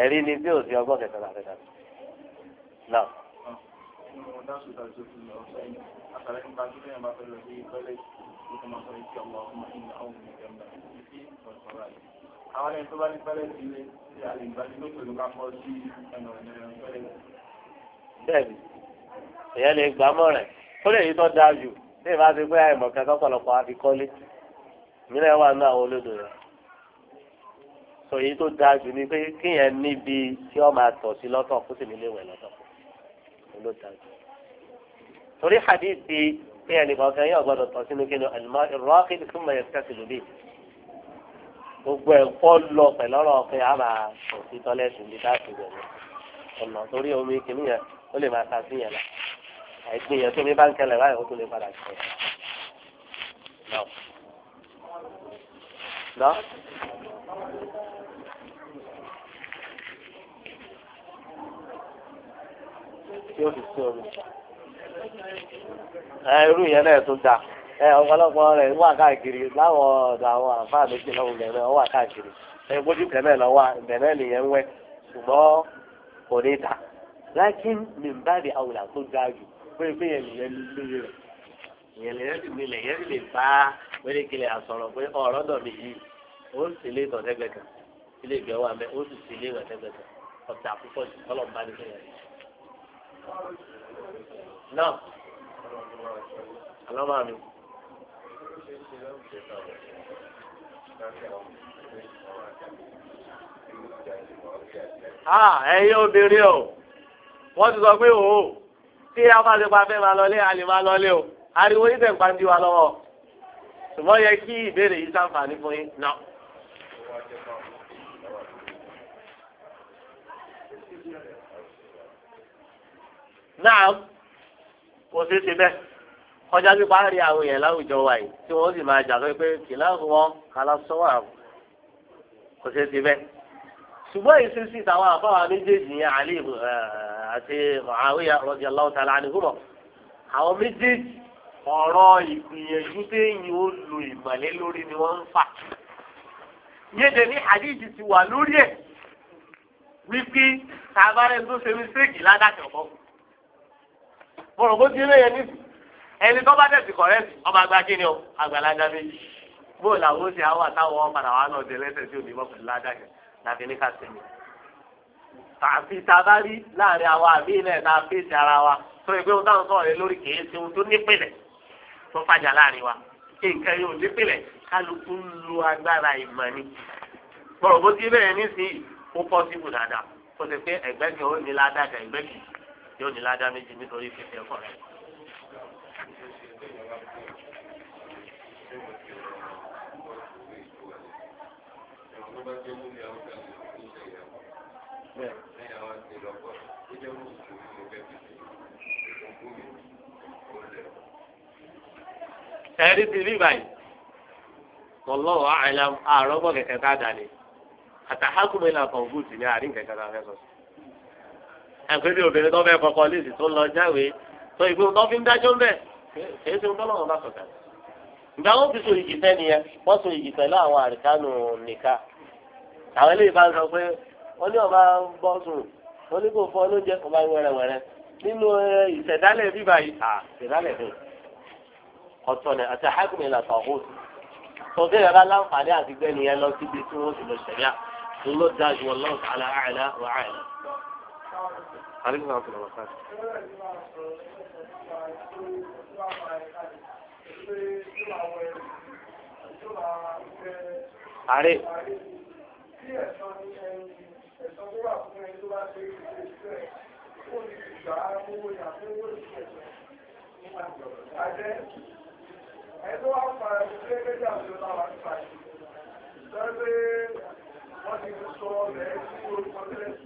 ẹ̀rí ni bí òsì ọgbọ́n kẹtàlá fẹ́ dàbí. náà ọ̀dà وكما صليت اللهم إن أعوذ جنب المشركين والصلاة àwọn ẹni tó bá ní pẹ́lẹ́ sí ilé tí a lè gbájú ló pẹ̀lú kápọ̀ sí ẹnu ọ̀nà ìpẹ́lẹ̀. bẹ́ẹ̀ni èèyàn lè gbà mọ rẹ ó lè yí tó dáa jù bí ìbá ti pé àìmọ̀ kẹkọ ọ̀pọ̀lọpọ̀ àfi kọ́lé ìmílẹ̀ wà ní àwọn olódò rẹ sọ èyí tó dáa jù ni pé kíyẹn níbi tí ọ máa tọ̀ sí lọ́tọ̀ kó sì nílé wẹ̀ lọ́tọ̀ ló dáa torí hadith يعني باقي أضر الطاسين كنا الماء الراقي ثم يتكسل به وقال قل له قل له في عبا في طلاش بتاسي جانا الناطوري يعني. هم يكمية ولي ما تاسية لا عدنية تمي بانك لغاية وطولي فراج لا لا Yo, yo, yo, yo. ẹ irú yẹn náà tún da ọ̀pọ̀lọpọ̀ rẹ̀ wà káàkiri láwọn ọ̀dọ̀ àwọn àǹfààní méjì náà wùlẹ̀ náà wà káàkiri ẹ bójú lọ wà bẹ̀rẹ̀ nìyẹn ń wẹ̀ ṣùgbọ́n kò ní ta lákìn mìmbáàdì àwùlà tó ga jù pé pé yẹn nìyẹn lóye rẹ̀ yẹn nìyẹn sì nílẹ̀ yẹn lè bá pérékele àsọ̀rọ̀ pé ọ̀rọ̀ dọ̀ mi yìí ó sì lé ìtọ̀tẹ́gbẹ̀ kan ilé ìgbẹ́ wà mẹ́ ó sì sí ilé ìtọ̀tẹ́gbẹ̀ kan ọ̀tà púpọ̀ jù kọ́lọ̀ ń bá ní kéèyàn náà alámà mi. Ah, ẹ̀yin obìnrin o wọ́n ti sọ pé o tí a bá ti pa fẹ́ máa lọlé a lè máa lọlé o ariwo yìí tẹ̀ ń di wa lọ́wọ́ ṣùgbọ́n yẹ kí ìbéèrè yìí ṣàǹfààní fún yín náà. Now, kò sí ti bẹ́ẹ̀ kọjá bí parí àwọn èèyàn láwùjọ wa yìí tí wọ́n sì máa jà lọ pé kìláàfù wọn kàlá sọ́wọ́ àwọn kò sí ti bẹ́ẹ̀. ṣùgbọ́n ìṣesí tàwọn àfáwà méjèèjì yẹn àlè àti Muawiya radiyallahu ta'ala anhuma àwọn méjèèjì ọ̀rọ̀ ìgbìyànjú téèyàn ó lo ìmọ̀lẹ́ lórí ni wọ́n ń fà. yéde ní àdíjì ti wà lórí ẹ̀ wípé tàbárẹ̀ tó ṣe mí séèkì ládàkẹ́ ọ̀kọ́ mo rò ti lé yẹn níbi ẹni tó bá kọ̀rẹ́tì ọba àgbà kí ni o àgbàlagbà méjì bóòlù àwọn oṣù àwọn àtàwọn padà wà náà dé lẹ́sẹ̀ tí onímọ̀ pẹ̀lú ládàjẹ́ láti ní ká sẹ́yìn. tààfin rí láàrin àwa àbí ilẹ̀ a fèsì ara wa tó ẹgbẹ́ táwọn sọ̀rọ̀ lórí kìí ṣe ohun tó nípìnlẹ̀ tó fàjà láàrin wa kí nǹkan yóò nípìnlẹ̀ kálukú ń lo agbára ni. yóò ní ládàá méjì nítorí fífi ẹ̀kọ́ rẹ̀. ẹ̀rí ti rí báyìí kọlọ́wọ́ àìlám àrọ́gbọ́ kẹ̀kẹ́ tá a dà ní àtàhákùnmí làkàn gúùtì ní àárín kẹ̀kẹ́ tá a fẹ́ sọ sí àgbẹ̀bí obìnrin tó fẹ́ kọ́kọ́ léèsì tó lọ jáwé tó ìgbé tó fi ń dájọ́ ń bẹ̀ kìí ṣe tọ́lọ́ bá sọ̀tà. ìgbà wọn fi so ìjì sẹ́ni yẹn wọ́n so ìjì pẹ̀lú àwọn àríkánù nìka àwọn eléyìí bá ń sọ pé wọ́n ní ọba bọ́ sùn wọ́n ní kò fọ́ lóúnjẹ kò bá wẹ́rẹ́wẹ́rẹ́ nínú ìṣẹ̀dálẹ̀ bíbá ìṣẹ̀dálẹ̀ fún ọ̀tọ̀ ni àtàhákùn ìlà tọ̀hún tọ́jú ìyàrá láǹfààní àti gbẹ́ni yẹn lọ síbi tí aleykum salaam wa rahmatulah. ààrẹ. Ẹ̀dọ́ wá fara ẹgbẹ́ gbẹ́jà ló láwá nípa yìí. Sọ́rọ́ pé wọ́n ti sọ ọ̀rẹ́ sí orúkọ tẹ́lẹ̀ sí.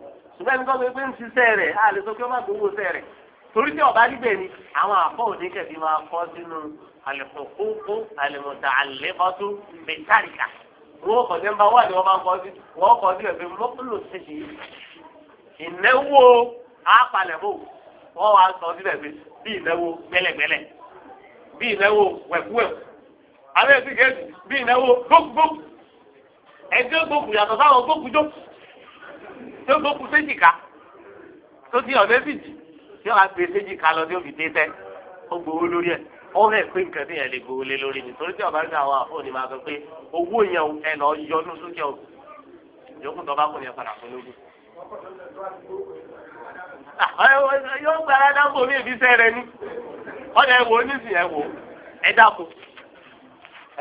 ṣùgbọ́n ẹni kọ́ pé pé ń ṣiṣẹ́ rẹ̀ á lè sọ pé ó má gbowó ṣẹ́ rẹ̀ torí tí ọba níbẹ̀ ni àwọn àbọ̀ òde kẹ̀bí máa kọ́ sínú àlùkòkòkò àlùmọ̀tà àlẹ́kọ́tù mẹtàríkà wọ́n kọ́ sí ẹnba wà ní wọ́n máa kọ́ sí wọ́n kọ́ sí ẹ̀fẹ́ mọ́kúlù síbi ìnáwó àpalẹ̀mọ́ wọ́n wá sọ síbẹ̀ pé bí ìnáwó gbẹ́lẹ̀gbẹ́lẹ̀ bí ìnáwó wẹ̀kúwẹ̀kú àbẹ́ẹ̀sì gẹ̀ẹ́sì bí ìnáwó gbókùgbókù ẹ̀jẹ̀ gbókù yàtọ̀ sáwọn gbókùjókù tó tó kú séjìká tó ti ọ̀dẹ́ sì jì tí wọ́n á gbé séjìká lọ tí ó fi dé tẹ́ ó gbowó lórí ẹ̀ ó rẹ̀ pé nǹkan tí yẹn lè gbowó lé lórí ni torí tí ọ̀bá ní àwọn àfọ̀ ni máa sọ pé owó yẹn ẹ lọ yọ ní sókè o yòókù tó bá kù yẹn padà fún lógún. Ah, yóò gba adáko ní ìfisẹ́ rẹ ní ọ̀dà ẹ̀wò oníṣìí ẹ̀wò ẹ̀dàkùn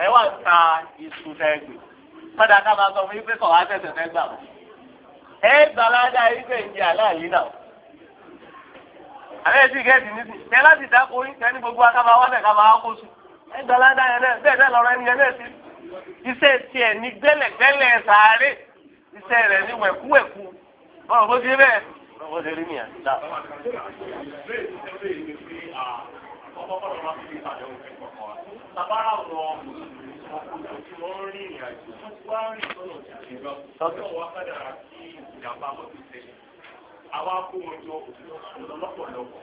ẹ̀ wà ta ìsúta ẹ̀gbìn padà ká máa sọ fún yín pé kọ̀ wá tẹ̀sẹ̀ fẹ́ gbà wọ́n. ẹ gbàlágà ife ìjẹ aláàlí náà àbẹ́ sì gẹ́ẹ̀dì níbi n'isi. láti dáko oníṣẹ́ ní gbogbo akábá wọn bẹ̀ kábá wọn kó sùn ẹ gbàlágà yẹn náà bẹ́ẹ̀ bẹ́ẹ̀ lọ́rọ́ ẹni yẹn náà sí iṣẹ́ tiẹ̀ ní gbẹ́lẹ̀gbẹ́lẹ̀ sàárè iṣẹ́ rẹ̀ ní wẹ̀kúwẹ̀kú bọ́lá bó ti bẹ́ẹ̀ bó ti rí Àwọn akówójọ lọ́pọ̀lọpọ̀.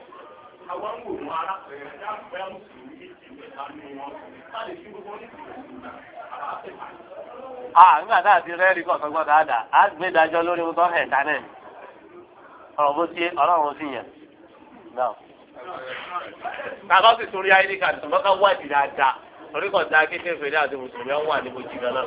Àwọn ń wòrán arákùnrin dáàbùbá mùsùlùmí méjì mẹ́ta ní wọn. Sáàlè sí gbogbo ní ìgbà àbáfẹ́ máa. Àà nígbà tá àti rẹ́rìí kọ̀ọ̀kan gbọ́dọ̀ àdà, á gbé ìdájọ́ lórí ohun tó hẹ̀ ká náà. Ọ̀rọ̀ bó ti ọlọ́run sí yẹn. Báwo? Tàbá torí kò dáa kékeré fèrè àti mùsùlùmí ọ̀hún wà níbo jìgàn náà.